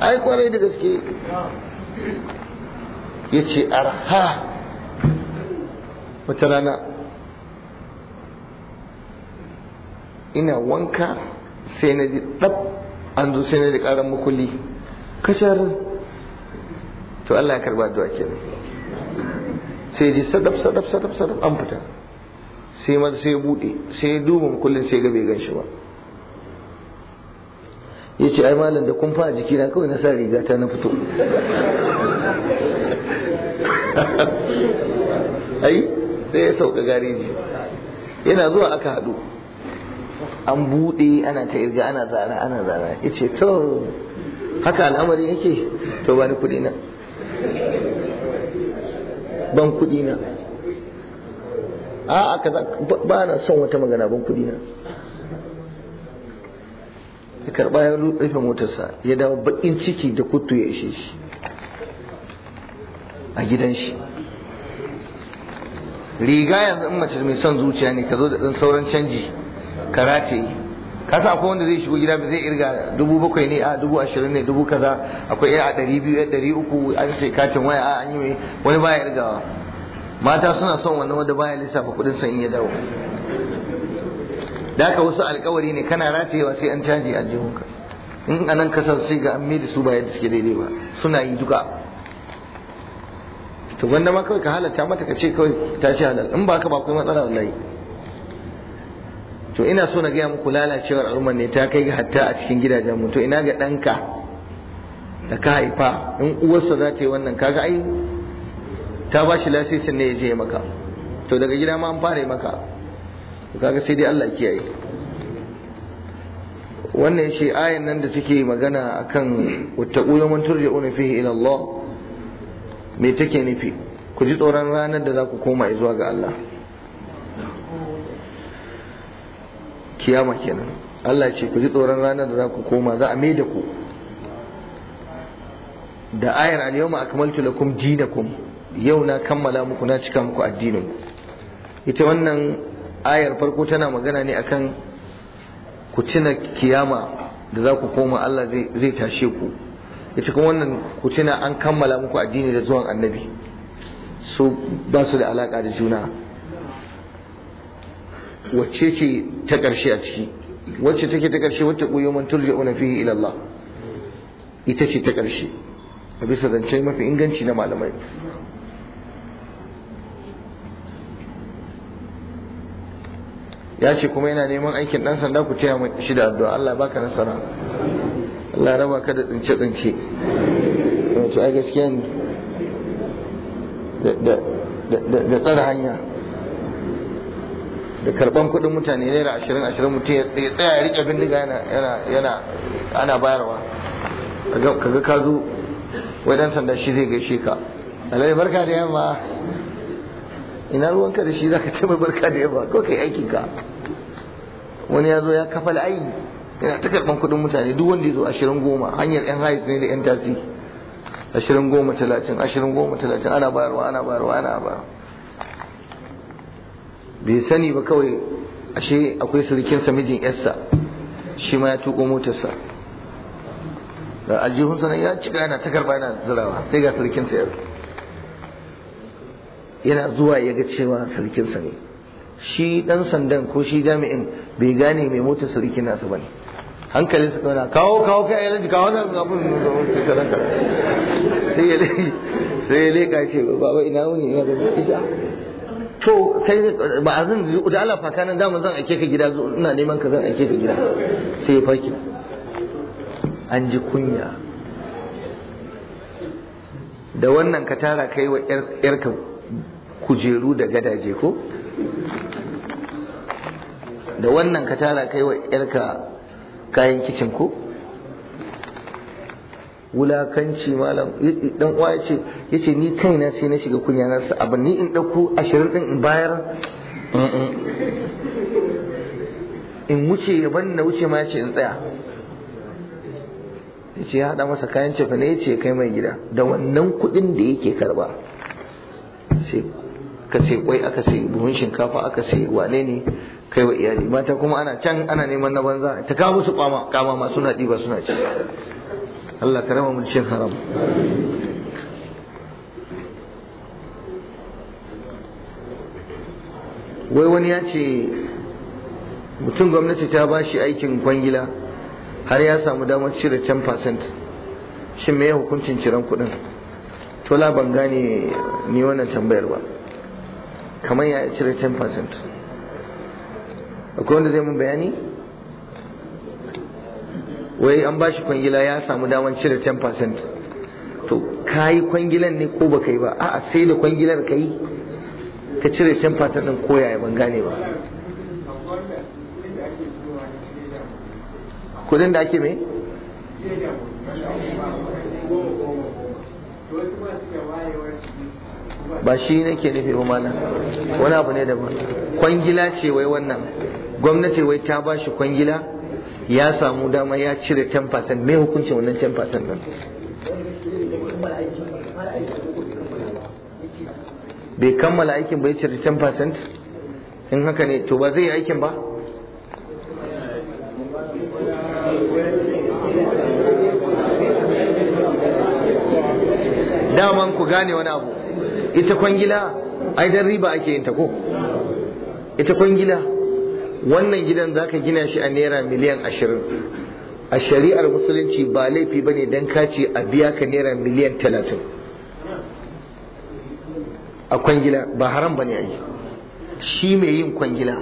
Speaker 1: ai kwarai da gaske yace arha wata rana ina wanka sai na ji ɗab an zo sai na ji ƙarar makulli kashar to Allah ya karba addu'a kenan sai ji sadaf sadaf sadaf sadaf an fita sai ma sai bude sai ya duba kullun sai ga bai ganshi ba ya ce ai malam da fa jiki jikina kawai na sa riga ta na fito [laughs] ai sai ya sauka gareji yana zuwa aka hadu, an bude ana ta irga ana zara ana zara ya to haka al'amari yake to bani kudi kuɗi na
Speaker 2: ban kuɗi na a'a kaza
Speaker 1: ba na son wata magana ban kuɗi na ya karɓa ya rufe motarsa ya dawo bakin ciki da kuttu ya ishe shi a gidan shi riga yanzu in mace mai son zuciya ne ka zo da ɗan sauran canji karate kasa akwai wanda zai shigo gida zai irga dubu bakwai ne a dubu ashirin ne dubu kaza akwai a ɗari biyu a ɗari uku an ce katin waya a an yi mai wani baya irgawa mata suna son wannan wanda baya lissafa kuɗin sa in ya dawo da wasu alkawari ne kana ratayewa sai an caji a jihunka in a nan kasar sai ga an da su ba yadda suke daidai ba suna yi duka to wanda ma kawai ka halatta mata ka ce kawai ta ce halal in ba ka ba kuma matsala wallahi to ina so na gaya muku lalacewar al'ummar ne ta kai ga hatta a cikin gidajen mu to ina ga ɗanka da ka haifa in uwarsa za ta yi wannan kaga ai ta ba shi lasisin ne ya je maka to daga gida ma an fara maka to kaga sai dai Allah kiyaye wannan ce ayan nan da take magana akan wattaqu yawman turja'una fihi ila Allah me take nufi ku ji tsoron ranar da za ku koma zuwa ga Allah kiyama kenan Allah ce ku ji tsoron ranar da za ku koma za a maida ku da ayar al-yawma akmaltu lakum dinakum yau na kammala muku na cika muku addinin ita wannan ayar farko tana magana ne akan ku tuna kiyama da za ku koma Allah zai tashe ku ita kuma wannan ku tuna an kammala muku addini da zuwan annabi su ba su da alaka da juna wacce ce ta ƙarshe a ciki wacce take ta ƙarshe wacce ƙuyo man turja'una fihi ila ita ce ta ƙarshe a bisa zance mafi inganci na malamai ya ce kuma yana neman aikin ɗan sanda ku taya shi da addu'a Allah baka nasara Allah raba ka da tsince tsince wato ai gaskiya ne da tsara hanya da karban kuɗin mutane naira ashirin ashirin mutum ya tsaya ya riƙe bindiga yana yana ana bayarwa kaga ka zo wai dan sanda shi zai gaishe ka alai barka da yamma ina ruwanka da shi zaka ce mai barka da yamma ko kai aikin ka wani ya zo ya kafa la'ayi yana ta karban kuɗin mutane duk wanda ya zo ashirin goma hanyar yan hayes ne da yan tasi ashirin goma talatin ashirin goma talatin ana bayarwa ana bayarwa ana bayarwa bai sani ba kawai ashe akwai sa mijin yarsa shi ma ya tuko motarsa da aljihun sa ya cika yana ta karba yana zirawa sai ga surikinsa sa yana zuwa ya ga cewa sa ne shi dan sandan ko shi jami'in bai gane mai motar surikin nasa ba ne hankalin su kawai kawo kawo kai ya kawo nan abin kalan kalan sai ya sai ya leka ce baba ina wuni ina da ita to kai ba a zan da Allah faka nan dama zan ake ka gida ina neman ka zan ake ka gida sai ya farki an ji kunya da wannan ka tara kai wa yarka kujeru da gadaje ko da wannan ka tara kai wa yarka kayan kicin ko wulakanci malam dan uwa yace yace ni kaina sai na shiga kunya na sa abin ni in dauko 20 din in bayar in wuce ya ban wuce ma yace in tsaya yace ya hada masa kayan cefa ne yace kai mai gida da wannan kudin da yake karba sai ka sai kwai aka sai buhun shinkafa aka sai wane ne kai wa iyali mata kuma ana can ana neman na banza ta kawo su kama kama ma suna diba suna ci Allah ka rama mun haram wai wani ya ce mutum gwamnati ta ba shi aikin kwangila har ya samu damar cire 10% shin me hukuncin ciran kudin tola ban gane ni wannan tambayar ba kamar ya cire 10% akwai wanda zai mun bayani wai an bashi kwangila ya samu daman cire 10% to ka yi kwangilan ne ko baka yi ba a'a sai da kwangilar ka yi
Speaker 2: ka cire 10% din koya ya ban gane ba kudin da ake mai ba shi
Speaker 1: nake nufi ba mana
Speaker 2: wani abu ne daban
Speaker 1: kwangila ce wai wannan gwamnati wai ta ba shi kwangila ya samu dama ya cire 10% mai hukuncin wannan 10% nan? bai kammala aikin ba ya cire 10% in haka ne to ba zai yi aikin ba daman ku gane wani abu ita kwangila ai dan riba ake yin ta ko ita kwangila wannan gidan za ka gina shi a naira miliyan ashirin a shari'ar musulunci ba laifi ba ne don kaci a biya ka naira miliyan talatin a kwangila ba haram ba ne a yi shi mai yin kwangila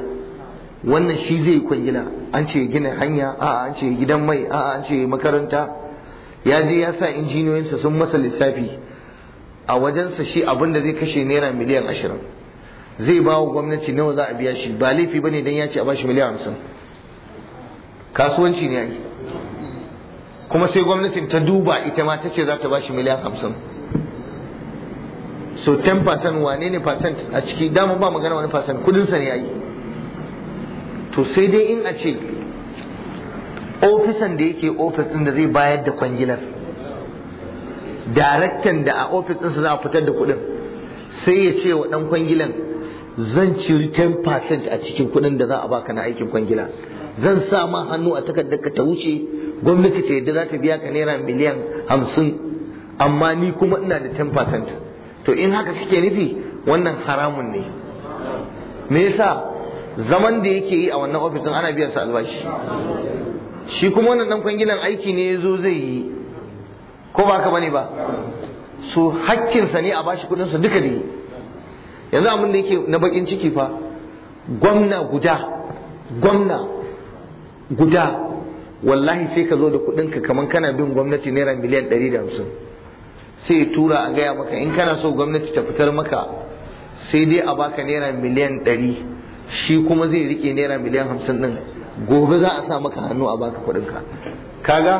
Speaker 1: wannan shi zai yi kwangila an ce gina hanya a an ce gidan mai a an ce makaranta ya je ya sa injiniyoyinsa sun masa lissafi a wajensa shi abin da zai kashe naira miliyan ashirin zai ba wa gwamnati nawa za a biya shi ba laifi bane dan ya ce a bashi miliyan hamsin kasuwanci ne ai kuma sai gwamnatin ta duba ita ma ta ce za ta bashi miliyan hamsin so 10% wane ne percent a ciki dama ba magana wani percent kudinsa ne ai to sai dai in a ce ofisan da yake ofis ɗin da zai bayar da kwangilar daraktan da a ofis za a fitar da kuɗin sai ya ce wa ɗan kwangilan zan ciri 10% a cikin kuɗin da za a baka na aikin kwangila zan sa ma hannu a takardar ka ta wuce gwamnati ta yadda za ta biya ka naira miliyan hamsin amma ni kuma ina da 10% to in haka kake nufi wannan haramun ne me yasa zaman da yake yi a wannan ofisin ana biyan sa albashi shi kuma wannan dan kwangilan aiki ne yazo zai yi ko ba ka bane ba Su hakkinsa ne a bashi sa duka da yi yanzu abin da yake na bakin ciki fa gwamna guda gwamna guda wallahi sai ka zo da kudinka kamar kana bin gwamnati naira miliyan 150 sai ya tura a gaya maka in kana so gwamnati ta fitar maka sai dai a baka naira miliyan 100 shi kuma zai rike naira miliyan 50 din gobe za a sa maka hannu a baka kudinka kaga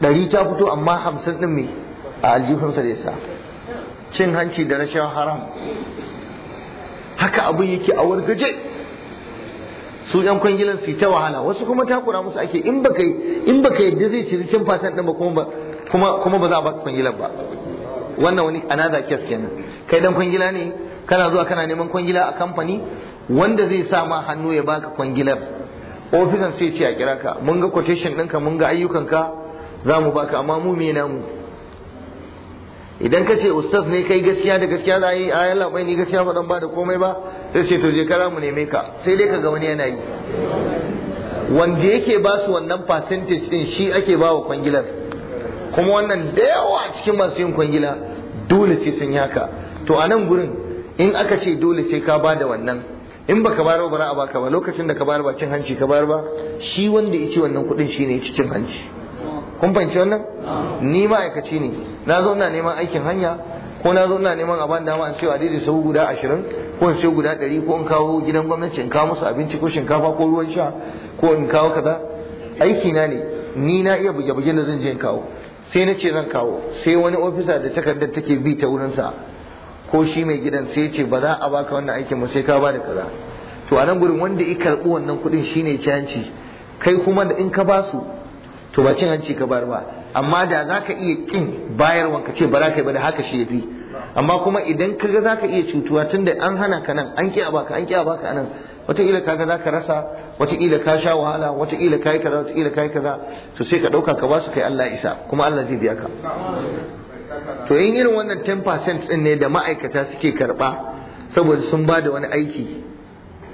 Speaker 1: 100 ta fito amma 50 din me a aljihunsa da ya sa cin hanci da rashin haram haka abin yake a wargaje su yan kwangilan su ta wahala wasu kuma takura musu ake in baka in baka yadda zai ci cin fasan din ba kuma kuma kuma ba za a baka kwangilan ba wannan wani another case kenan kai dan kwangila ne kana zuwa kana neman kwangila a kamfani wanda zai sa ma hannu ya baka kwangilar ofisan sai ce a kira ka mun ga quotation ɗinka mun ga ayyukanka za mu baka amma mu me namu mu idan ka ce ustaz ne kai gaskiya da gaskiya za a yi ayan labai ni gaskiya faɗan bada ba da komai ba sai ce to je kara mu neme ka sai dai ka ga wani yana yi wanda yake ba su wannan percentage din shi ake ba wa kwangilar kuma wannan da yawa a cikin masu yin kwangila dole sai sun yaka to a nan gurin in aka ce dole sai ka ba da wannan in baka bayar ba ba a baka ba lokacin da ka bayar ba cin hanci ka bayar ba shi wanda ya ci wannan kuɗin shine ya ci cin hanci kun fahimci wannan ni ma'aikaci ne na zo ina neman aikin hanya ko na zo ina neman a bani dama in sayo adidi sau guda ashirin ko in sayo guda ɗari ko in kawo gidan gwamnati in kawo musu abinci ko shinkafa ko ruwan sha ko in kawo kaza aiki na ne ni na iya buge-bugen da zan je in kawo sai na ce zan kawo sai wani ofisa da takardar take bi ta wurinsa ko shi mai gidan sai ce ba za a baka wannan aikin ba sai ka ba da kaza to a nan gurin wanda ya karɓi wannan kuɗin shine ciyanci kai kuma da in ka basu. to ba cin hanci ka bar ba amma da za ka iya kin bayar ka ce ba za ka yi ba da haka shi yafi amma kuma idan ka ga za ka iya cutuwa tun da an hana ka nan an ƙi a baka an ƙi a baka nan wataƙila ka ga za ka rasa wataƙila ka sha wahala wataƙila ka yi kaza wataƙila ka yi kaza to sai ka ɗauka ka ba su kai Allah isa kuma Allah zai biya ka to in irin wannan 10% ɗin ne da ma'aikata suke karɓa saboda sun ba da wani aiki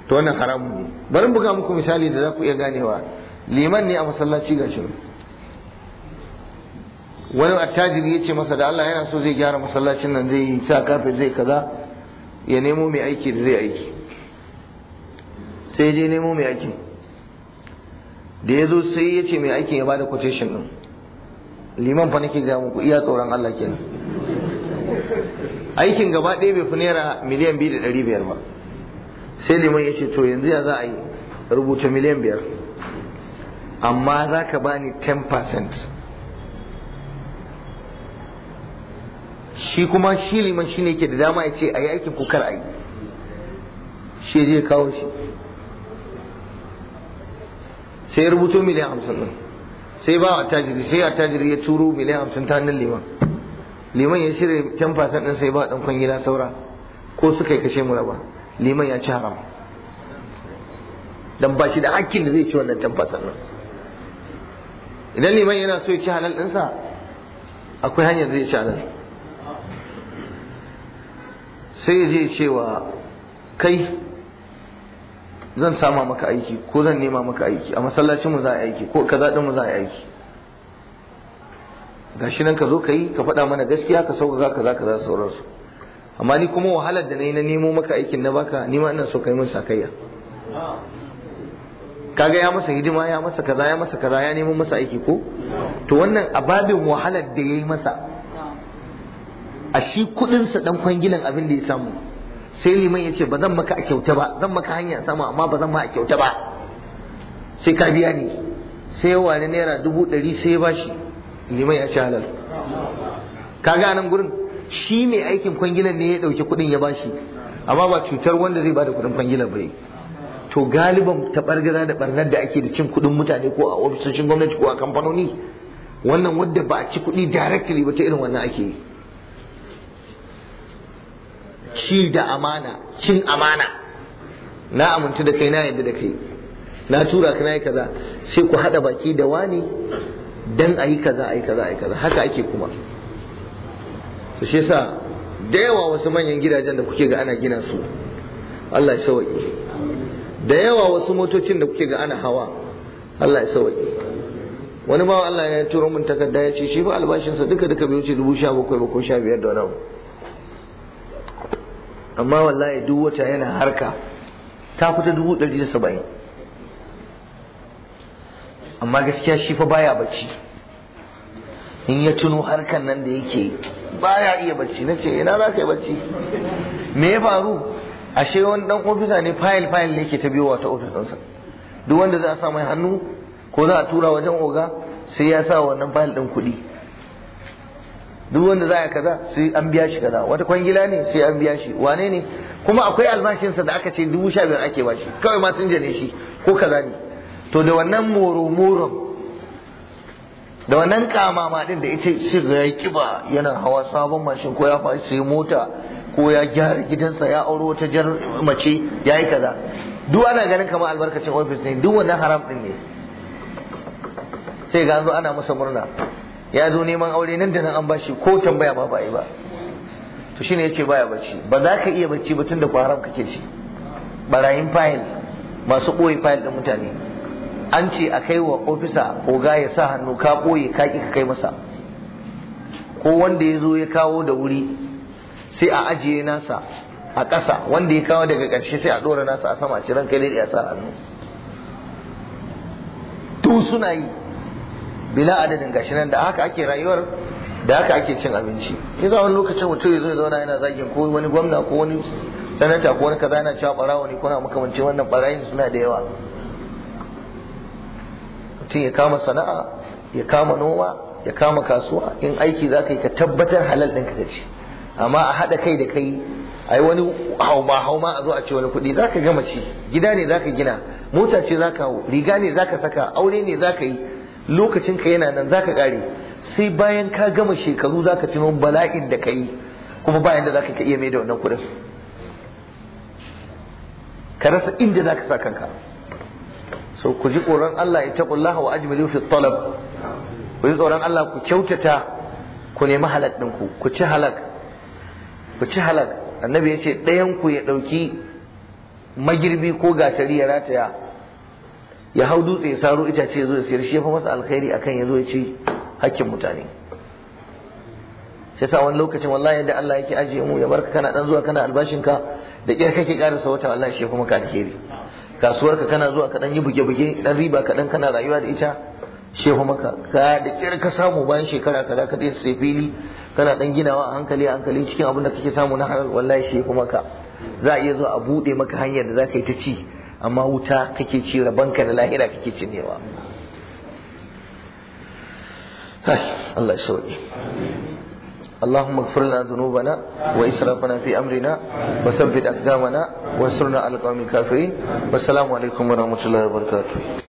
Speaker 1: to wannan haramun ne bari buga muku misali da za ku iya ganewa liman ne a masallaci gashin wani attajiri ya ce masa da Allah yana so zai gyara masallacin nan zai sa kafin zai kaza ya nemo mai aiki da zai aiki sai je nemo mai aikin da ya zo sai ya ce mai aikin ya bada quotation din liman fa nake ga muku iya tsoron Allah kenan aikin gaba ɗaya bai fi naira miliyan biyu da ɗari biyar ba sai liman ya ce to yanzu ya za a yi rubuta miliyan biyar amma za ka bani 10% shi kuma shi liman shi ne ke da dama ya ce a yi aikin kukar a yi shi zai kawo shi sai ya rubuto miliyan hamsin ɗin sai ba a tajiri sai a tajiri ya turo miliyan hamsin ta hannun liman liman ya shirya can fasan ɗin sai ba ɗan kwangila saura ko suka yi kashe mu raba liman ya ci haram dan ba shi da hakkin da zai ci wannan can fasan ɗin idan liman yana so ya ci halal ɗinsa akwai hanyar zai ci halal sai ya je cewa kai zan sama maka aiki ko zan nema maka aiki a masallacin mu za a aiki ko kaza din mu za a aiki gashi nan ka zo ka yi ka faɗa mana gaskiya ka sauka ka za sauransu amma ni kuma wahalar da na yi na nemo maka aikin na baka ni ma ina so kai min sakayya kaga ya masa hidima ya masa kaza ya masa kaza ya nemo masa aiki ko to wannan ababin wahalar da ya yi masa a shi kuɗinsa dan kwangilan abin da ya samu sai liman ya ce ba zan maka a kyauta ba zan maka hanya sama amma ba zan ma a kyauta ba sai ka biya ni sai ya wani naira dubu ɗari sai ya bashi liman ya ci halal kaga anan gurin shi mai aikin kwangilan ne ya dauki kuɗin ya bashi amma ba cutar wanda zai bada kuɗin kwangilan bai to galiban taɓargaza da barnar da ake da cin kuɗin mutane ko a ofisoshin gwamnati ko a kamfanoni wannan wadda ba a ci kuɗi directly ba ta irin wannan ake yi ci da amana cin amana na amintu da kai na yadda da kai na tura ka na yi kaza sai ku haɗa baki da wani dan a yi kaza a yi kaza a yi kaza haka ake kuma to shi yasa da yawa wasu manyan gidajen da kuke ga ana gina su Allah ya sauki da yawa wasu motocin da kuke ga ana hawa Allah ya sauki wani bawa Allah ya turo mun takarda ya ce shi fa albashinsa duka duka bai wuce dubu sha bakwai ba ko sha biyar da wani abu amma wallahi duk wata yana harka ta fita dubu ɗari da saba'in amma gaskiya shi fa baya bacci in ya tuno harkan nan da yake baya iya bacci na ce ina za ka yi bacci me ya faru ashe wani dan ofisa ne fayil fayil ne ke ta biyo ta ofis ɗinsa duk wanda za a sa mai hannu ko za a tura wajen oga sai ya sa wannan fayil ɗin kuɗi duk wanda za a kaza sai an biya shi kaza wata kwangila ne sai an biya shi wane ne kuma akwai albashinsa da aka ce dubu sha biyar ake bashi kawai ma sun ne shi ko kaza ne to da wannan moromoron da wannan kamama din da ita shi ya kiba yana hawa sabon mashin ko ya fashi mota ko ya gyara gidansa ya auro wata jar mace ya yi kaza duk ana ganin kamar albarkacin ofis ne duk wannan haram din ne sai ga ana masa murna ya zo neman aure nan da nan an bashi ko tambaya ba ba yi ba to shine yace baya bacci ba za ka iya bacci ba tunda ku haram kake ci barayin fayil masu ɓoye fayil ɗin mutane an ce a kai wa ofisa oga ya sa hannu ka ɓoye ka ki ka kai masa ko wanda ya zo ya kawo da wuri sai a ajiye nasa a ƙasa wanda ya kawo daga ƙarshe sai a ɗora nasa a sama a ciran kai da ya sa hannu to suna yi bila adadin gashi nan da haka ake rayuwar da haka ake cin abinci yasa wani lokacin mutum ya zo zauna yana zagin ko wani gwamna ko wani sanata ko wani kaza yana cewa barawo ne kuna makamancin wannan barayin suna da yawa mutum ya kama sana'a ya kama noma ya kama kasuwa in aiki za ka yi ka tabbatar halal ɗinka ka ci amma a haɗa kai da kai a yi wani hauma hauma a zo a ce wani kuɗi za ka gama ci gida ne za ka gina mota ce za ka hau riga ne za ka saka aure ne za ka yi lokacin ka yana nan zaka kare sai bayan ka gama shekaru zaka tuno bala'in da kai kuma bayan da zaka iya mai da wannan kudin ka rasa inda zaka sa kanka so ku ji tsoron Allah ya taqullah wa ajmilu fi talab ku ji tsoron Allah ku kyautata ku nemi halak ɗinku ku ci halak ku ci halak annabi ya ce ɗayan ku ya ɗauki magirbi ko gatari ya rataya ya hau dutse ya saro itace ya zo ya sayar shi ya fi masa alkhairi akan ya zo ya ci hakkin mutane sai sa wani lokacin wallahi yadda Allah yake ajiye mu ya barka kana dan zuwa kana albashin ka da kyar kake karasa wata wallahi shi kuma ka alheri kasuwar ka kana zuwa ka dan yi buge buge dan riba ka dan kana rayuwa da ita shi kuma ka ka da kyar ka samu bayan shekara kaza ka dai sai fili kana dan ginawa a hankali a hankali cikin abin da kake samu na halal wallahi shi kuma ka za a iya zuwa a bude maka hanyar da za ka yi ta ci amma wuta kake ci rabanka da lahira kake cinyewa Allah ya sauke اللهم اغفر لنا ذنوبنا وإسرافنا في أمرنا وثبت أقدامنا وانصرنا على القوم الكافرين والسلام عليكم ورحمة الله وبركاته